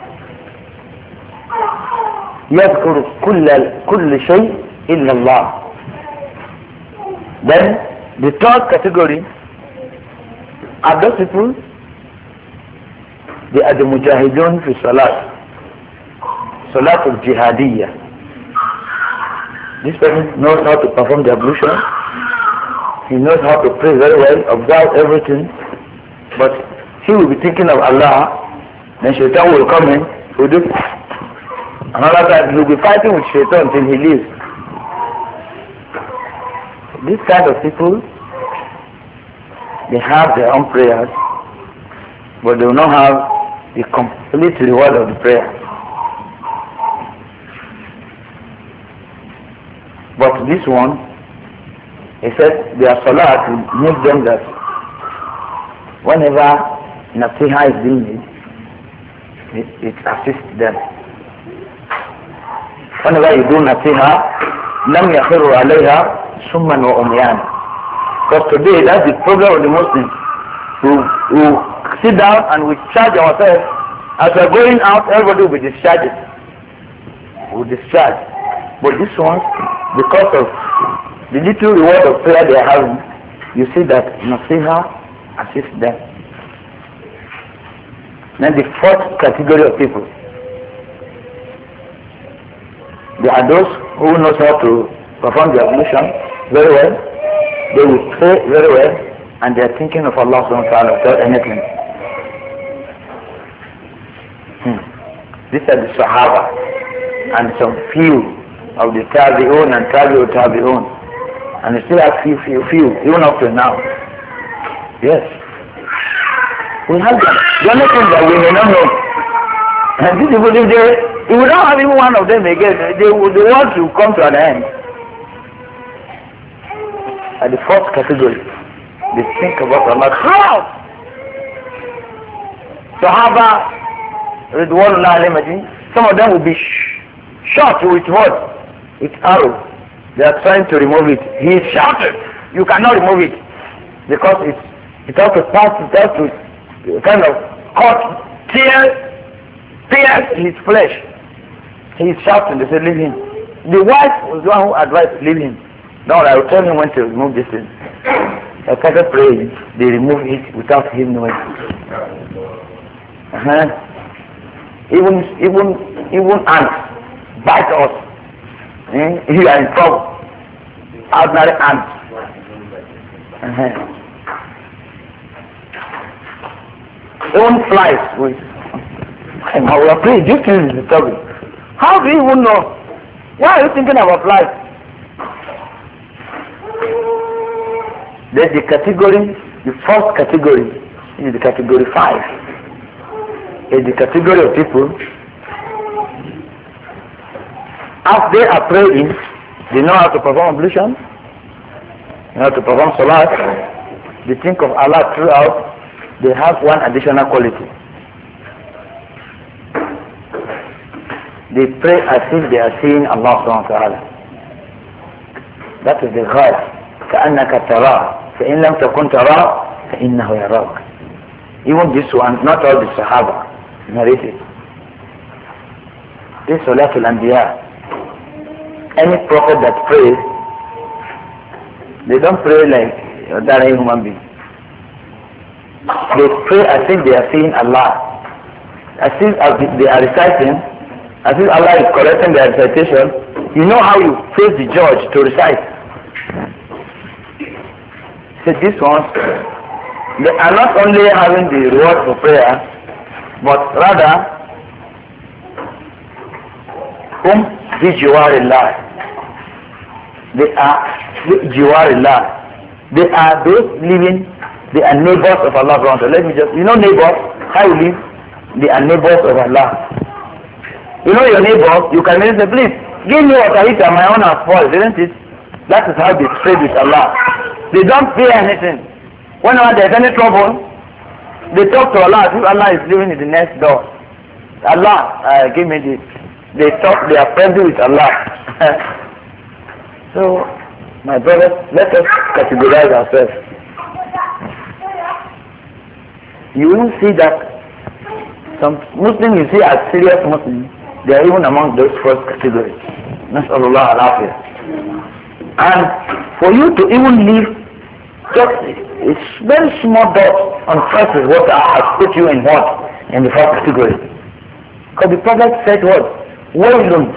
يذكر كل كل شيء إلا الله. Then the third category are those people they are the mujahidun في salat salat الجهادية. this person knows how to perform the ablution he knows how to pray very well, observe everything, but he will be thinking of Allah, then shaitan will come in, will do another time, he'll be fighting with shaitan till he leaves. These kind of people, they have their own prayers, but they do not have the complete reward of the prayer. But this one, he said their salah will make them that whenever nasiha is being made, it, it assists them. Whenever you do nasiha, لم يخر عليها سما وعميانا because today that's the problem of the Muslims who, who sit down and we charge ourselves as we're going out everybody will be discharged will discharge but this one because of the little reward of prayer they are having, you see that Nasiha assists them. Then the fourth category of people, they are those who knows how to perform their ablution very well, they will pray very well, and they are thinking of Allah subhanahu wa anything. Hmm. These are the Sahaba and some few of the Tabi'un and Tabi'ut Tabi'un and they still have few, few, few, even up to now. Yes. We have them. The only thing that we may not know. And these people, if they, if we don't have even one of them again, they, the world will come to an end. At the fourth category, they think about So How? Sahaba, Ridwanullah imagine some of them will be shot with what? With arrows. They are trying to remove it. He is shouting, you cannot remove it because it, it has to pass, it has to kind of cut, tear, tear his flesh. He is shouting, they say, leave him. The wife was the one who advised, leave him. No, I will tell him when to remove this thing. I started praying, they removed it without him knowing. Uh -huh. Even, even, even ants bite us Hmm? eh, you are in trouble. Ordinary hand. Uh uh-huh. Own flies with. And we are praying. This is the trouble. How do you even know? Why are you thinking about flies? There's the category, the first category is the category five. It's the category of people As they are praying, they know how to perform ablution, they know how to perform salat, they think of Allah throughout, they have one additional quality. They pray as if they are seeing Allah subhanahu wa ta'ala. That is the ghayah. كأنك تراه فإن لم تكن تراه فإنه يراك. Even this one, not all the Sahaba narrated. This is Salatul Anbiya any prophet that prays, they don't pray like any human being. They pray as if they are seeing Allah. As if they are reciting, as if Allah is correcting their recitation. You know how you face the judge to recite. See, so these ones, they are not only having the reward for prayer, but rather, um, visual life. they are jiwarillah. They are those living, they are neighbors of Allah. Let me just, you know neighbors, how you live, they are neighbors of Allah. You know your neighbor, you can say, please, give me what I eat and my own has spoiled, isn't it? That is how they trade with Allah. They don't fear anything. Whenever there is any trouble, they talk to Allah as if Allah is living in the next door. Allah, uh, give me this. They talk, they are friendly with Allah. [laughs] So, my brothers, let us categorize ourselves. You will see that some Muslims you see are serious Muslims, they are even among those first categories. And for you to even live just a very small dot on Christ is what I have put you in what? In the first category. Because the Prophet said what? Waylun.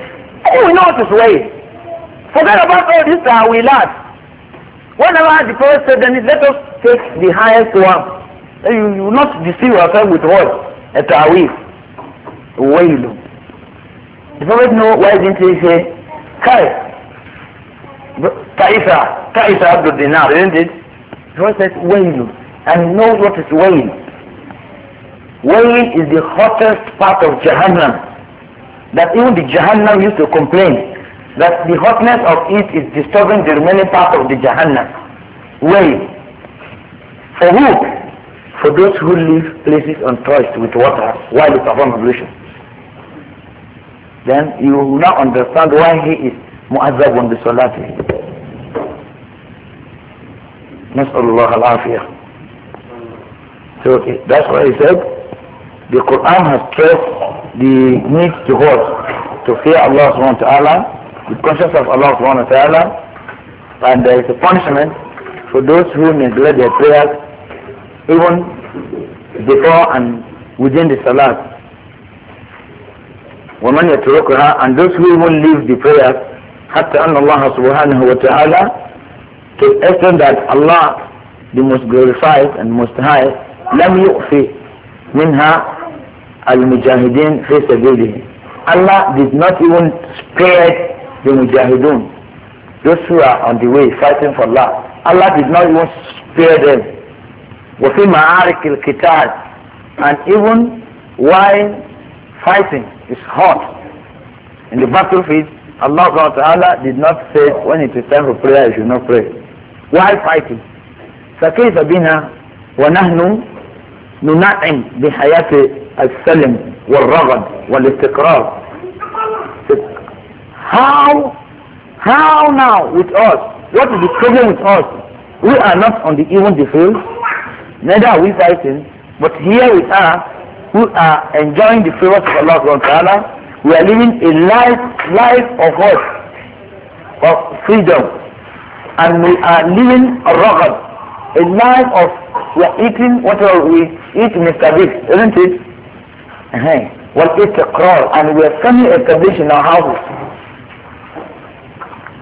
Oh, we know what is waylun. Forget about all this tawilat. Uh, Whenever the Prophet said, then let us take the highest one. You, will not deceive yourself with what? A tawil. Wail. The Prophet know why didn't he say, Kai, Kaisa, Kaisa Abdul Dinar, isn't it? The Prophet said, Wail. And he knows what is wail. Wail is the hottest part of Jahannam. That even the Jahannam used to complain that the hotness of it is disturbing the remaining part of the Jahannam. Why? For who? For those who leave places untrust with water while they perform ablution. Then you will now understand why he is mu'azzab on the salat. نسأل الله العافية. So okay, that's why he said the Quran has stressed the need to what? To fear Allah subhanahu wa ta'ala the conscience of Allah subhanahu wa ta'ala and there is a punishment for those who neglect their prayers even before and within the salat. ومن يتركها and those who even leave the prayers حتى أن الله سبحانه وتعالى to extend that Allah the most glorified and most high لم يؤفي منها المجاهدين في سبيله Allah did not even spare the mujahideen, those who are on the way fighting for Allah. Allah did not even spare them. وفي al القتال and even while fighting is hot in the battlefield Allah ta'ala did not say when it is time for prayer you should not pray while fighting فكيف بنا ونحن ننعم بحياة السلم والرغد والاستقرار How, how now with us? What is the problem with us? We are not on the even the field, neither are we fighting, but here we are, who are enjoying the favors of Allah subhanahu wa ta'ala. We are living a life, life of what? Of freedom. And we are living a rugged, a life of, we are eating whatever we eat Mr. Big, isn't it? Uh-huh. Well, it's a crawl, and we are firmly established in our houses.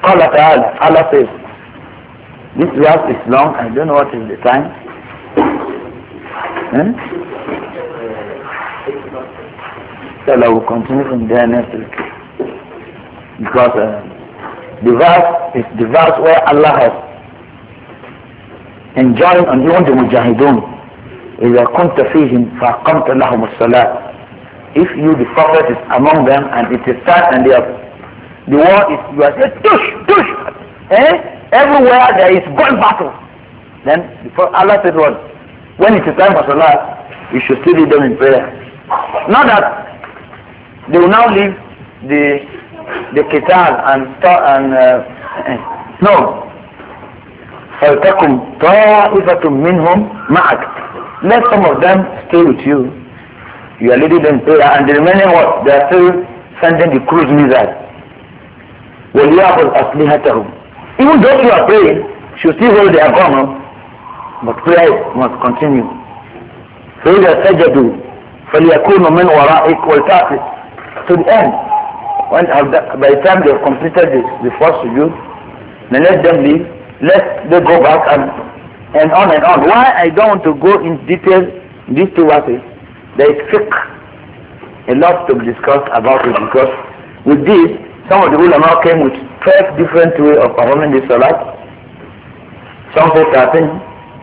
Allah Taala, Allah says this verse is long I don't know what is the time hmm? so I will continue from there next week because uh, the verse is the verse where Allah has enjoined on even the mujahideen إذا كنت فيهم فأقمت لهم الصلاة if you the prophet is among them and it is time and they are the war is you are saying tush tush. Eh? Everywhere there is gun battle. Then before Allah said what? When it is time for Salah, you should still lead them in prayer. Now that they will now leave the the qital and and uh, [clears throat] no. فلتكن طائفة منهم معك. Let some of them stay with you. You are leading them prayer and the remaining what? They are still sending the cruise missiles. وَلْيَعْبُدْ أَصْلِحَتَهُمْ Even those who are praying should see where they are gone, but prayer must continue. فَإِذَا سَجَدُوا فَلْيَكُونُوا مِنْ وَرَائِكَ وَالْتَعْفِ To the end, when, by the time they have completed the, the first sujood, then let them leave, let them go back and, and on and on. Why I don't want to go in detail these two verses, there is fiqh, a lot to be discussed about it because with this Some of the ulama came with twelve different way of performing the salat. Some say thirteen,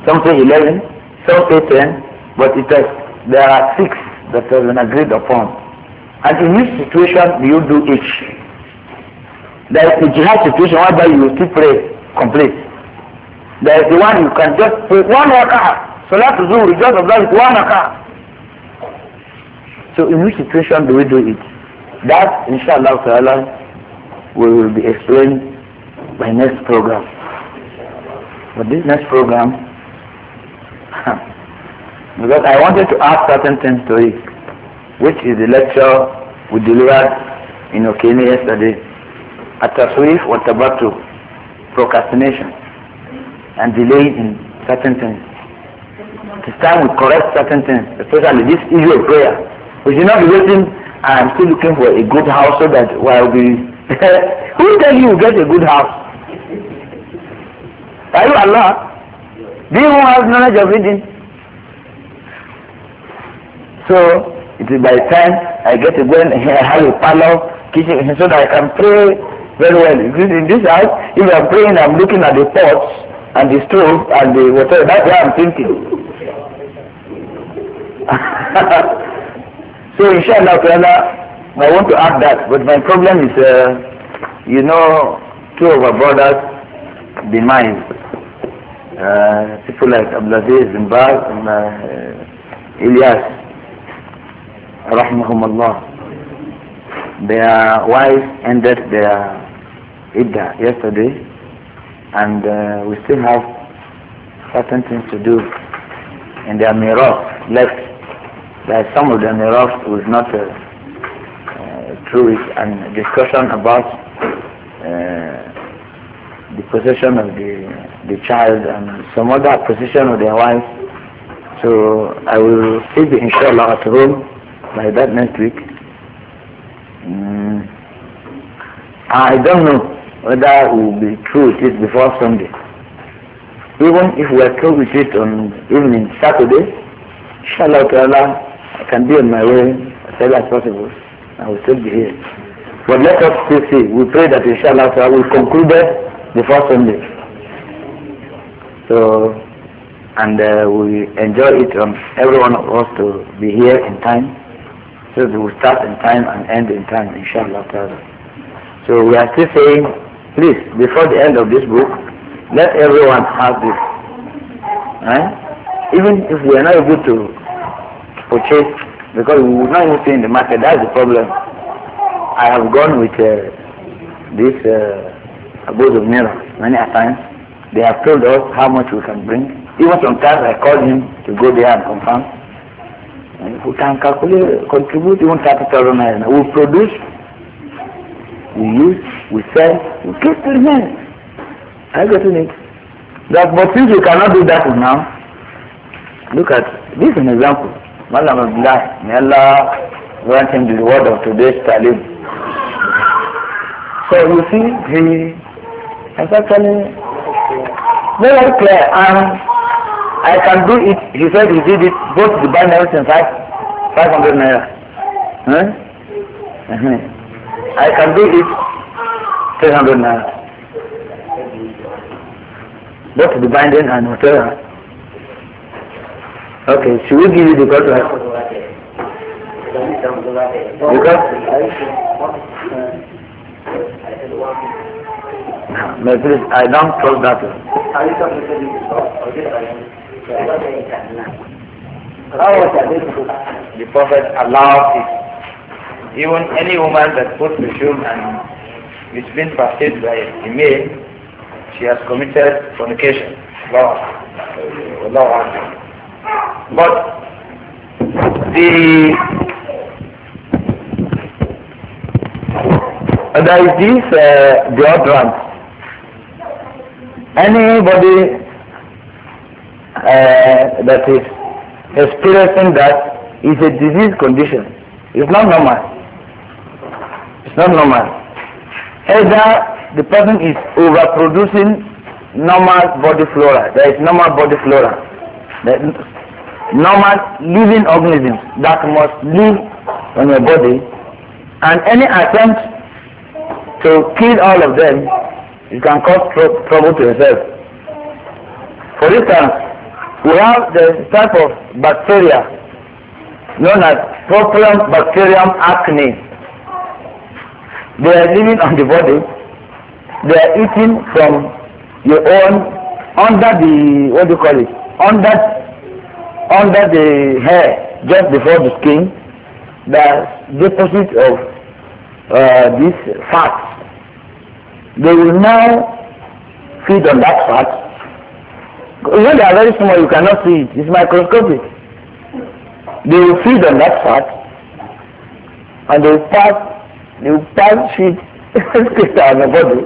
some say eleven, some say ten. but it has, there are six that has been agreed upon. And in which situation do you do each? There is the jihad situation whereby you still pray complete. There is the one you can just pray one rakah. Salat zuhr, just observe it one rakah. So in which situation do we do it? That, inshallah, we will be explained by next program. But this next program, [laughs] because I wanted to ask certain things to it, which is the lecture we delivered in Okene yesterday, Ataswif or Tabatu, procrastination and delay in certain things. This time we correct certain things, especially this issue of prayer. We should not be waiting, I'm still looking for a good house so that while we Who tell you get a good house? Are you Allah? Do you have knowledge of reading? So it is by time I get to go and [laughs] have a parlor kitchen so that I can pray very well. In this house, if I'm praying, I'm looking at the pots and the stove and the water. That's why I'm thinking. [laughs] so inshallah, I want to add that, but my problem is, uh, you know, two of our brothers, demise. Uh, people like Abdulaziz bin Baz and uh, Ilyas, rahmahumullah. Their wives ended their idda yesterday, and uh, we still have certain things to do in their mirror left. There are some of their mirrors was not. Uh, through it and discussion about uh, the possession of the, the child and some other possession of their wife. So I will see the inshallah at home by that next week. Mm. I don't know whether I will be through with it before Sunday. Even if we are through with it on evening Saturday, inshallah I can be on my way as early as possible. I will still be here. But let us still see. We pray that inshallah so will conclude the first Sunday. So, and uh, we enjoy it on every one of us to be here in time. So we will start in time and end in time inshallah. So we are still saying, please, before the end of this book, let everyone have this. Eh? Even if we are not able to purchase because we would not even see in the market. That's the problem. I have gone with uh, this uh, abode of Nira many a times. They have told us how much we can bring. Even sometimes I call him to go there and confirm. And we can calculate, contribute even 30,000 naira. We produce, we use, we sell, we keep the remains. I got in it. That, but since we cannot do that now, look at this is an example. Malam Abdullah, may Allah grant him the reward of today's talib. So you see, he is actually very clear and I can do it. He said he did it both the binaries and five, 500 naira. Huh? [laughs] I can do it 300 naira. Both the binding and whatever. Okay, should we give you the contract? Because my please, I don't trust that. The Prophet allowed it. Even any woman that puts perfume and is being pursued by a male, she has committed fornication. Allah. Allah. But the there is this uh, deodorant. Anybody uh, that is experiencing that is a disease condition. It's not normal. It's not normal. Either the person is overproducing normal body flora. There is normal body flora. normal living organisms that must live on your body and any attempt to kill all of them you can cause tr trouble to yourself. For instance, we have the type of bacteria known as Propylum bacterium acne. They are living on the body. They are eating from your own under the what do you call it? Under under the hair just before the skin the deposit of uh, this fat they will now feed on that fat When they are very small you cannot see it it's microscopic they will feed on that fat and they will pass they will pass shit [laughs] on the body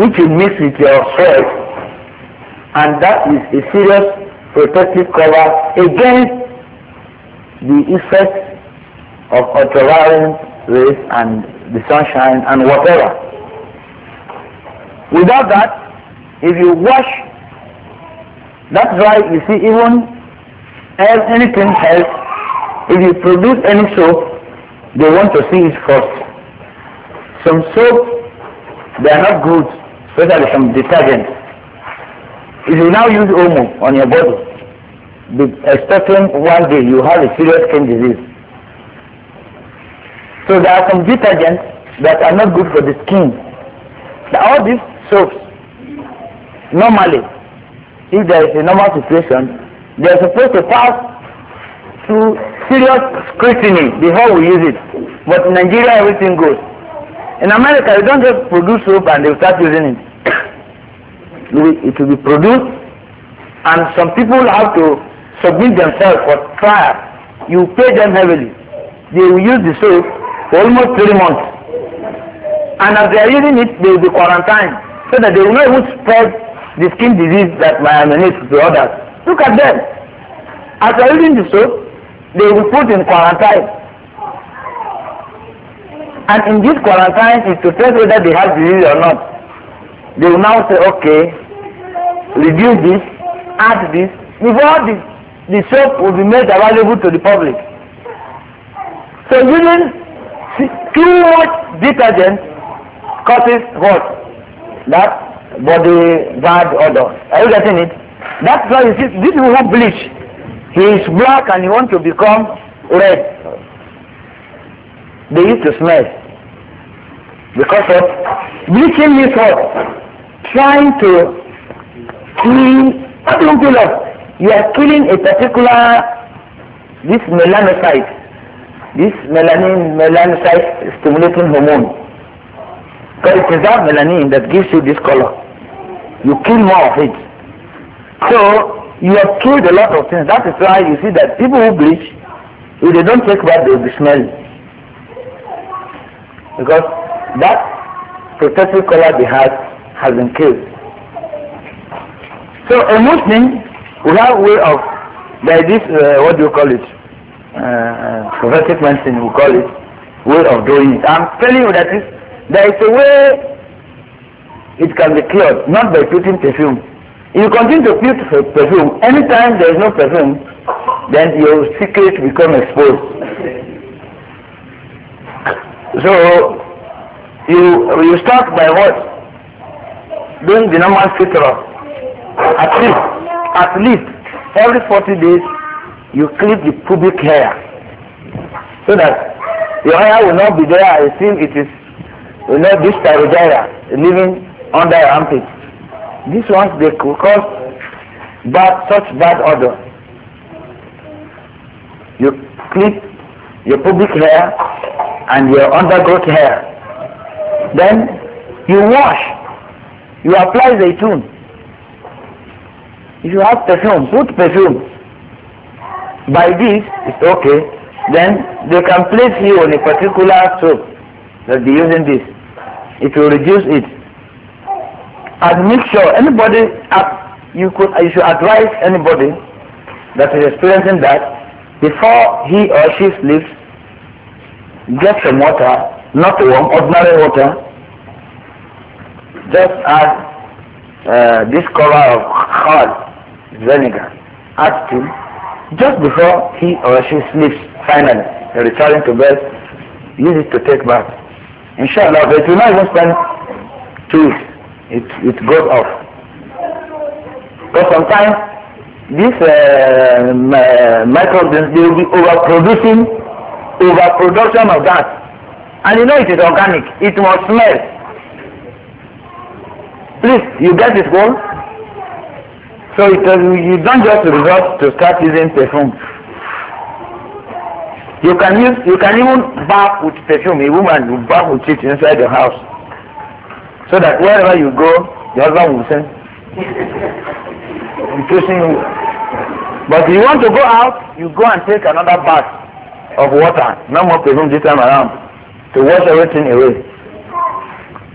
which will mix with your sweat and that is a serious protective cover against the effects of ultraviolet rays and the sunshine and whatever. Without that, if you wash, that's why you see even as anything else, if you produce any soap, they want to see it first. Some soap, they are not good, especially some detergent. If you now use Omo on your body, be expecting one day you have a serious skin disease. So there are some detergents that are not good for the skin. So all these soaps, normally, if there is a normal situation, they are supposed to pass through serious scrutiny before we use it. But in Nigeria, everything goes. In America, you don't just produce soap and they start using it. it will be produced and some people have to submit themselves for trial you pay them heavily they will use the soap for almost three months and as they are using it they will be quarantined so that they will not even spread the skin disease that myelinates to others look at them as they are using the soap they will put in quarantine and in this quarantine is to test whether they have disease or not they will now say okay reduce this add this before the the soap will be made available to the public so using too much detergent causes what that body bad odor are you getting it that's why you see this is who bleach he is black and he want to become red they used to smell because of bleaching means what trying to kill You are killing a particular this melanocyte, this melanin melanocyte stimulating hormone. Because it is that melanin that gives you this color. You kill more of it. So you have killed a lot of things. That is why you see that people who bleach, if they don't take bath, they will be smelly. Because that protective color they have has been killed. So a Muslim will have way of by this uh, what do you call it? Uh, prophetic medicine we call it way of doing it. I'm telling you that is there is a way it can be cured, not by putting perfume. If you continue to put perfume, anytime there is no perfume, then your secret become exposed. So you you start by what? doing the normal fitra at least at least every 40 days you clip the pubic hair so that your hair will not be there I think it is will not this hair living under your armpit This one they could cause bad such bad odor you clip your pubic hair and your undergrowth hair then you wash you apply zaytun. If you have perfume, put perfume. By this, it's okay. Then they can place you on a particular soap that they using this. It will reduce it. And make sure anybody, uh, you could, you should advise anybody that is experiencing that before he or she sleeps, get some water, not warm, ordinary water, just as uh, this cover of khal, vinegar, add just before he or she sleeps finally, returning to bed, use it to take bath. Inshallah, but you not even spend two weeks. It, it goes off. Because sometimes these uh, microbes, they will be overproducing, overproduction of that. And you know it is organic. It must smell. Please, you get this one. So it, uh, you don't just resort to start using perfume. You can use, you can even bath with perfume. A woman will bath with it inside the house, so that wherever you go, your husband will send. you. But if you want to go out, you go and take another bath of water. No more perfume this time around to wash everything away.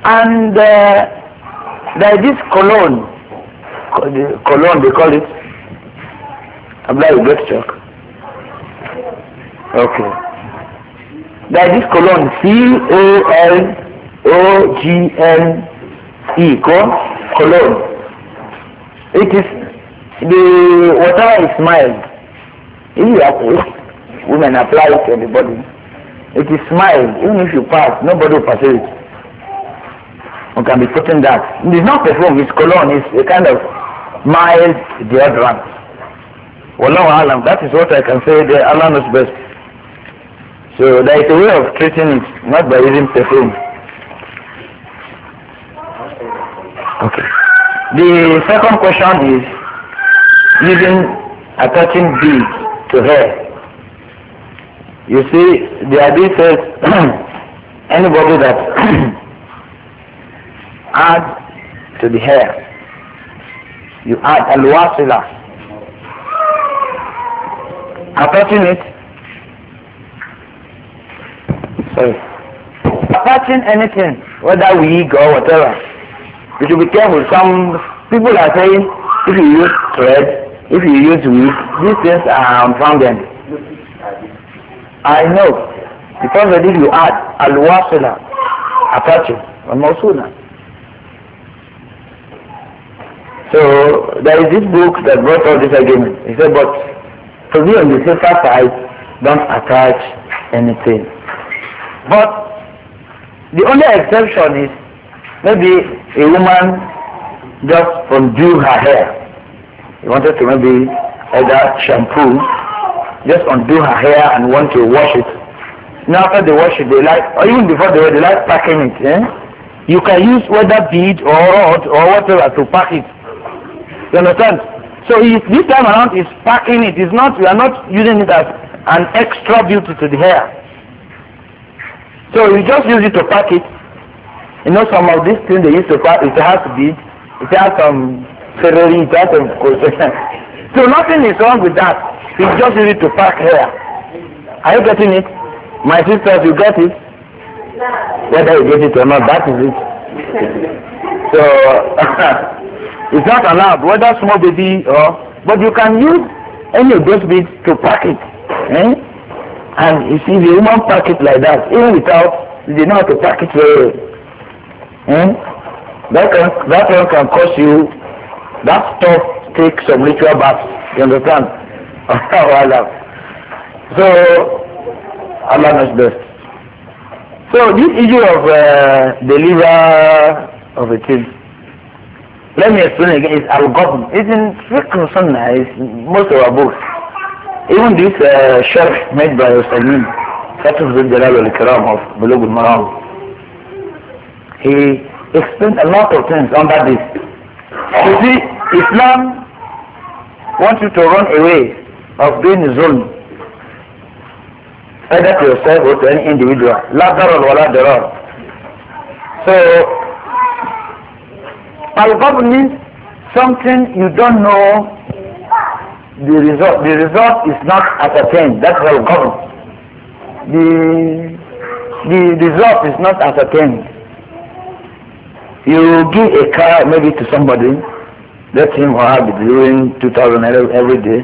And. Uh, there is this cologne cologne they call it abdullahi you get shock okay there is this cologne c o l o g n e cologne it is the water is mild if you apply women apply it to the body it is mild even if you pass nobody will perceive it One can be putting that. It is not perfume, it's cologne, it's a kind of mild deodorant. no, alam, that is what I can say there. Allah knows best. So there is a way of treating it, not by using perfume. Okay. The second question is using attaching beads to hair. You see, the idea says [clears throat] anybody that [clears throat] add to the hair. You add al-wasila. Attaching it. Sorry. Attaching anything, whether wig or whatever. You should be careful. Some people are saying if you use thread, if you use wig, these things are unfounded. I know. Because if you add al-wasila, One more sooner. So there is this book that brought all this argument. He said, but to be on the safer side, don't attach anything. But the only exception is maybe a woman just undo her hair. He wanted to maybe either shampoo, just undo her hair and want to wash it. Now after they wash it, they like, or even before they, they like packing it. Eh? You can use whether bead or rod or whatever to pack it you understand? So he, this time around is packing it. It's not, we are not using it as an extra beauty to the hair. So you just use it to pack it. You know some of these things they used to pack, it has to be, it has some Ferrari, it has some [laughs] So nothing is wrong with that. You just use it to pack hair. Are you getting it? My sisters, you get it? Whether you get it or not, that is it. [laughs] So [laughs] It's not allowed, whether small baby or... But you can use any of those to pack it. Eh? And you see, the woman pack it like that, even without... They know how to pack it very well. Eh? That, can, that one can cost you... That stuff takes some ritual baths. You understand? [laughs] so, Allah knows best. So this issue of uh, the liver of a kid let me explain again it's al-ghabn it's in fiqh sunnah it's most of our books even this uh, sharh made by Usaimin Fatih bin Jalal al-Kiram of Bulugh al-Maram he explained a lot of things that. this you see Islam wants you to run away of being zulm either to yourself or to any individual la darar wa la darar so By government, means something you don't know the result. The result is not ascertained. That's al government. The, the result is not ascertained. You give a car maybe to somebody, let him or her be doing 2,000 every day.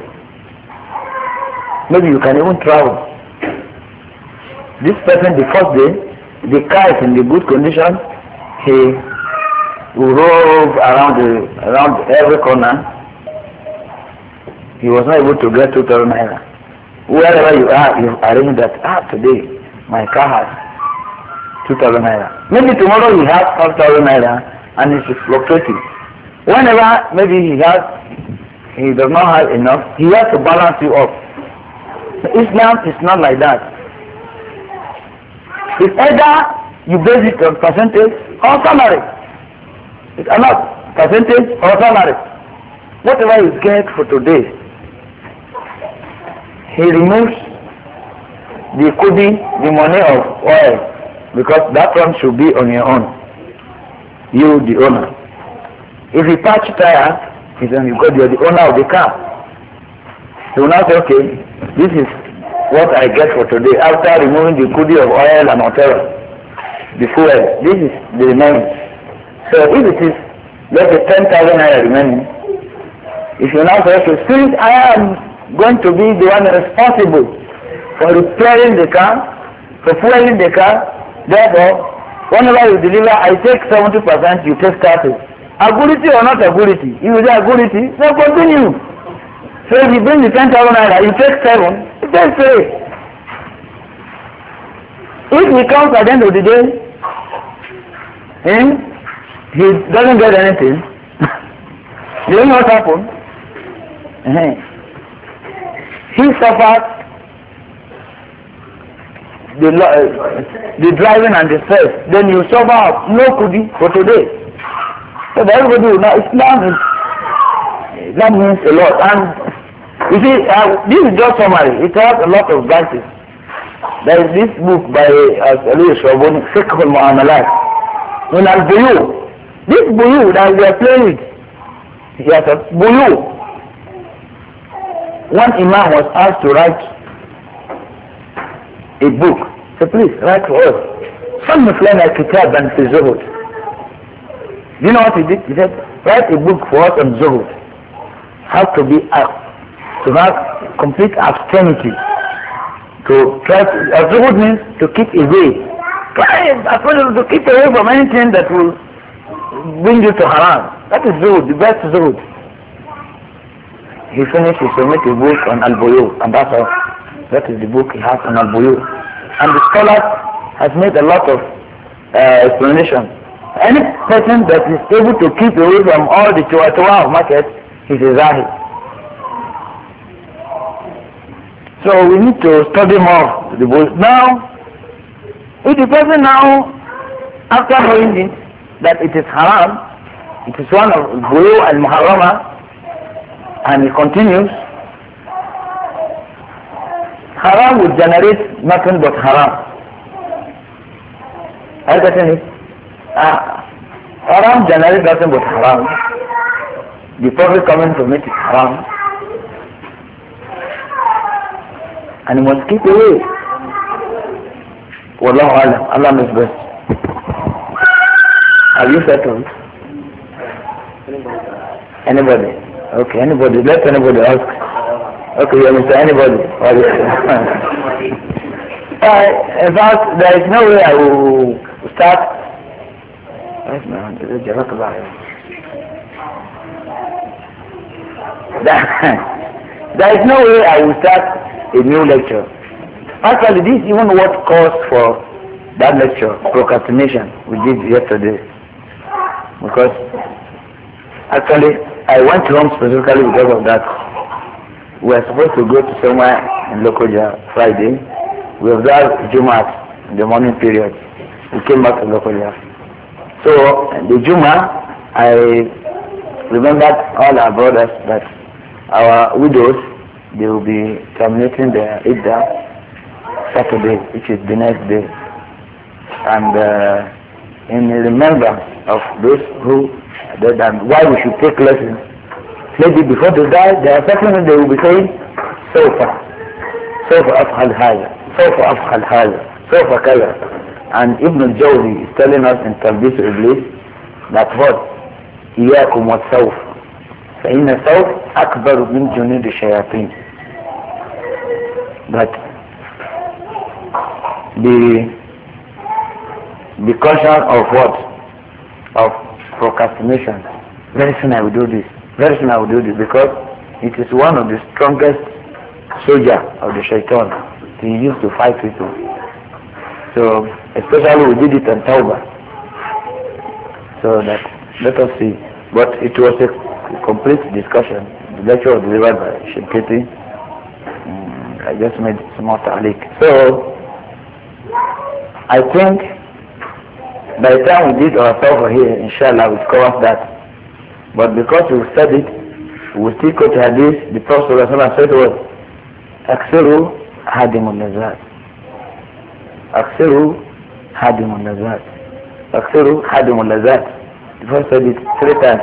Maybe you can even travel. This person, the first day, the car is in the good condition, he to rove around the around every corner, he was not able to get two thousand naira. Wherever you are, you arranged that ah today my car has two thousand naira. Maybe tomorrow he has five thousand naira and it's fluctuating. Whenever maybe he has he does not have enough, he has to balance you off. Islam is not like that. It's either you base it on percentage or salary. It's allowed, percentage or salary. Whatever you get for today, he removes the kudi, the money of oil, because that one should be on your own. You, the owner. If you patch tire, it's you got you're the owner of the car. He will now say, okay, this is what I get for today after removing the kudi of oil and whatever, the fuel. This is the remaining. So if it is, the 10,000 naira remaining, if you now say, okay, spirit, I am going to be the one responsible for repairing the car, for fueling the car, therefore, whenever you deliver, I take 70%, you take 30. Agility or not agility? If it's say agility, then continue. So if you bring the 10,000 naira, you take 7, you take 3. If he comes at the end of the day, eh, he doesn't get anything. [laughs] you know what happened? Uh -huh. He suffered the, uh, the driving and the stress. Then you suffer no kudi for today. So everybody now Islam is that means a lot. And you see, uh, this is just summary. It has a lot of branches. There is this book by uh, Ali Shawbun, Fiqh al-Mu'amalat, in do you. This buyu that we are playing, yes, buyu. One imam was asked to write a book. So please write for us. Some Fulana Kitab and fi Zuhud. You know what he did? He said, write a book for us on Zuhud. How to be up, to have complete abstinence, to try to, Zuhud means to keep away. Try, to keep away from anything that will bring you to haram. That is zuhud, the best zuhud. He finished, he submitted a book on Al-Buyu, and that's all. That is the book he has on Al-Buyu. And the scholar has made a lot of uh, explanation. Any person that is able to keep away from all the Chua market is a Zahid. So we need to study more the book. Now, if the person now, after knowing it, that it is haram, it is one of Guru al Muharrama, and he continues, haram would generate nothing but haram. Are you getting it? Ah, haram generates nothing but haram. The profit coming from it is haram. And you must keep away. Wallahu alam. Allah knows best. Have you settled? Anybody? Okay, anybody. Let anybody ask. Okay, you Mr. Anybody. uh, [laughs] in fact, there is no way I will start. [laughs] There is no way I will start a new lecture. Actually, this is even what caused for that lecture, procrastination, we did yesterday. Because actually, I went home specifically because of that. We are supposed to go to somewhere in Lokoja Friday. We observed Juma in the morning period. We came back to Lokoja. So the Juma, I remembered all our brothers that our widows, they will be terminating their Idda Saturday, which is the next day. And uh, in remembrance of those who that and why we should take lessons. Maybe before they die, they are suffering they will be saying, سوف سوف أفعل هذا سوف أفعل هذا سوف kaya." and Ibn al-Jawzi is telling us in Talbis Iblis that what إياكم والسوف فإن السوف أكبر من جنود الشياطين but the the caution of what of procrastination. Very soon I will do this. Very soon I will do this because it is one of the strongest soldier of the shaitan. He used to fight people. So especially we did it on Tauba. So that let us see. But it was a complete discussion. The lecture was delivered by Shikiti. Mm, I just made small talik. So I think by the time we did our over here, inshallah, we cover that. But because we said it, we still quote hadith, the Prophet said was, Aksiru hadimun nazar. Aksiru hadimun nazar. Aksiru hadimun nazar. The Prophet said it three times.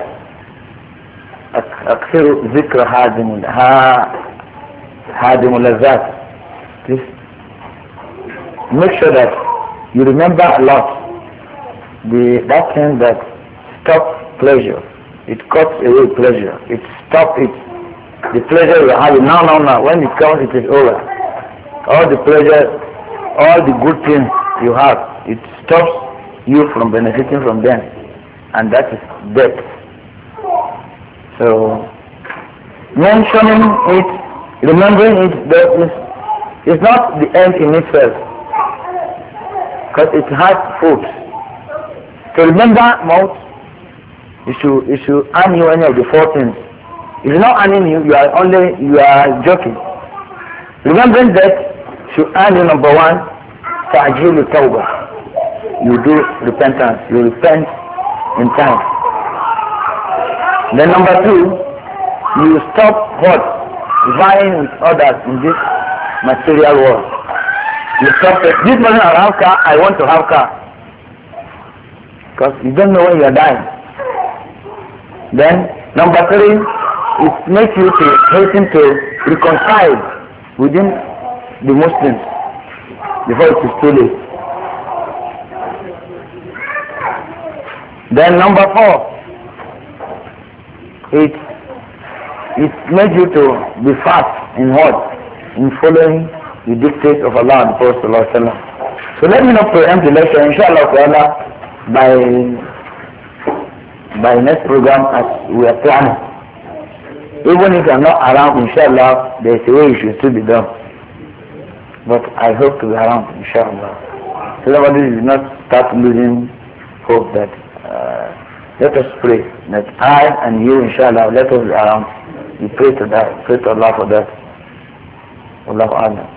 Aksiru zikra hadimun, ha, hadimun nazar. Please make sure that you remember a lot the that thing that stops pleasure. It cuts away pleasure. It stops it. The pleasure you have. No, no, no. When it comes, it is over. All the pleasure, all the good things you have, it stops you from benefiting from them, and that is death. So mentioning it, remembering it, that is, is not the end in itself, because it has fruits. to remember mouth is to is to earn you any of the four things if not earning you you are only you are joking remembering that to earn you number one tajil tawba you do repentance you repent in time then number two you stop what vying with others in this material world you stop it this person have car I want to have car because you don't know when you are dying. Then number three, it makes you to hasten to reconcile within the Muslims before it is too late. Then number four, it it made you to be fast in what in following the dictates of Allah and the Prophet. So let me not preempt the lecture. Inshallah, by by next program as we are planning. Even if I'm not around, inshallah, there's a way it should still be done. But I hope to be around, inshallah. So everybody should not start losing hope that uh, let us pray that I and you, inshallah, let us be around. We pray to that, pray to Allah for that. Allah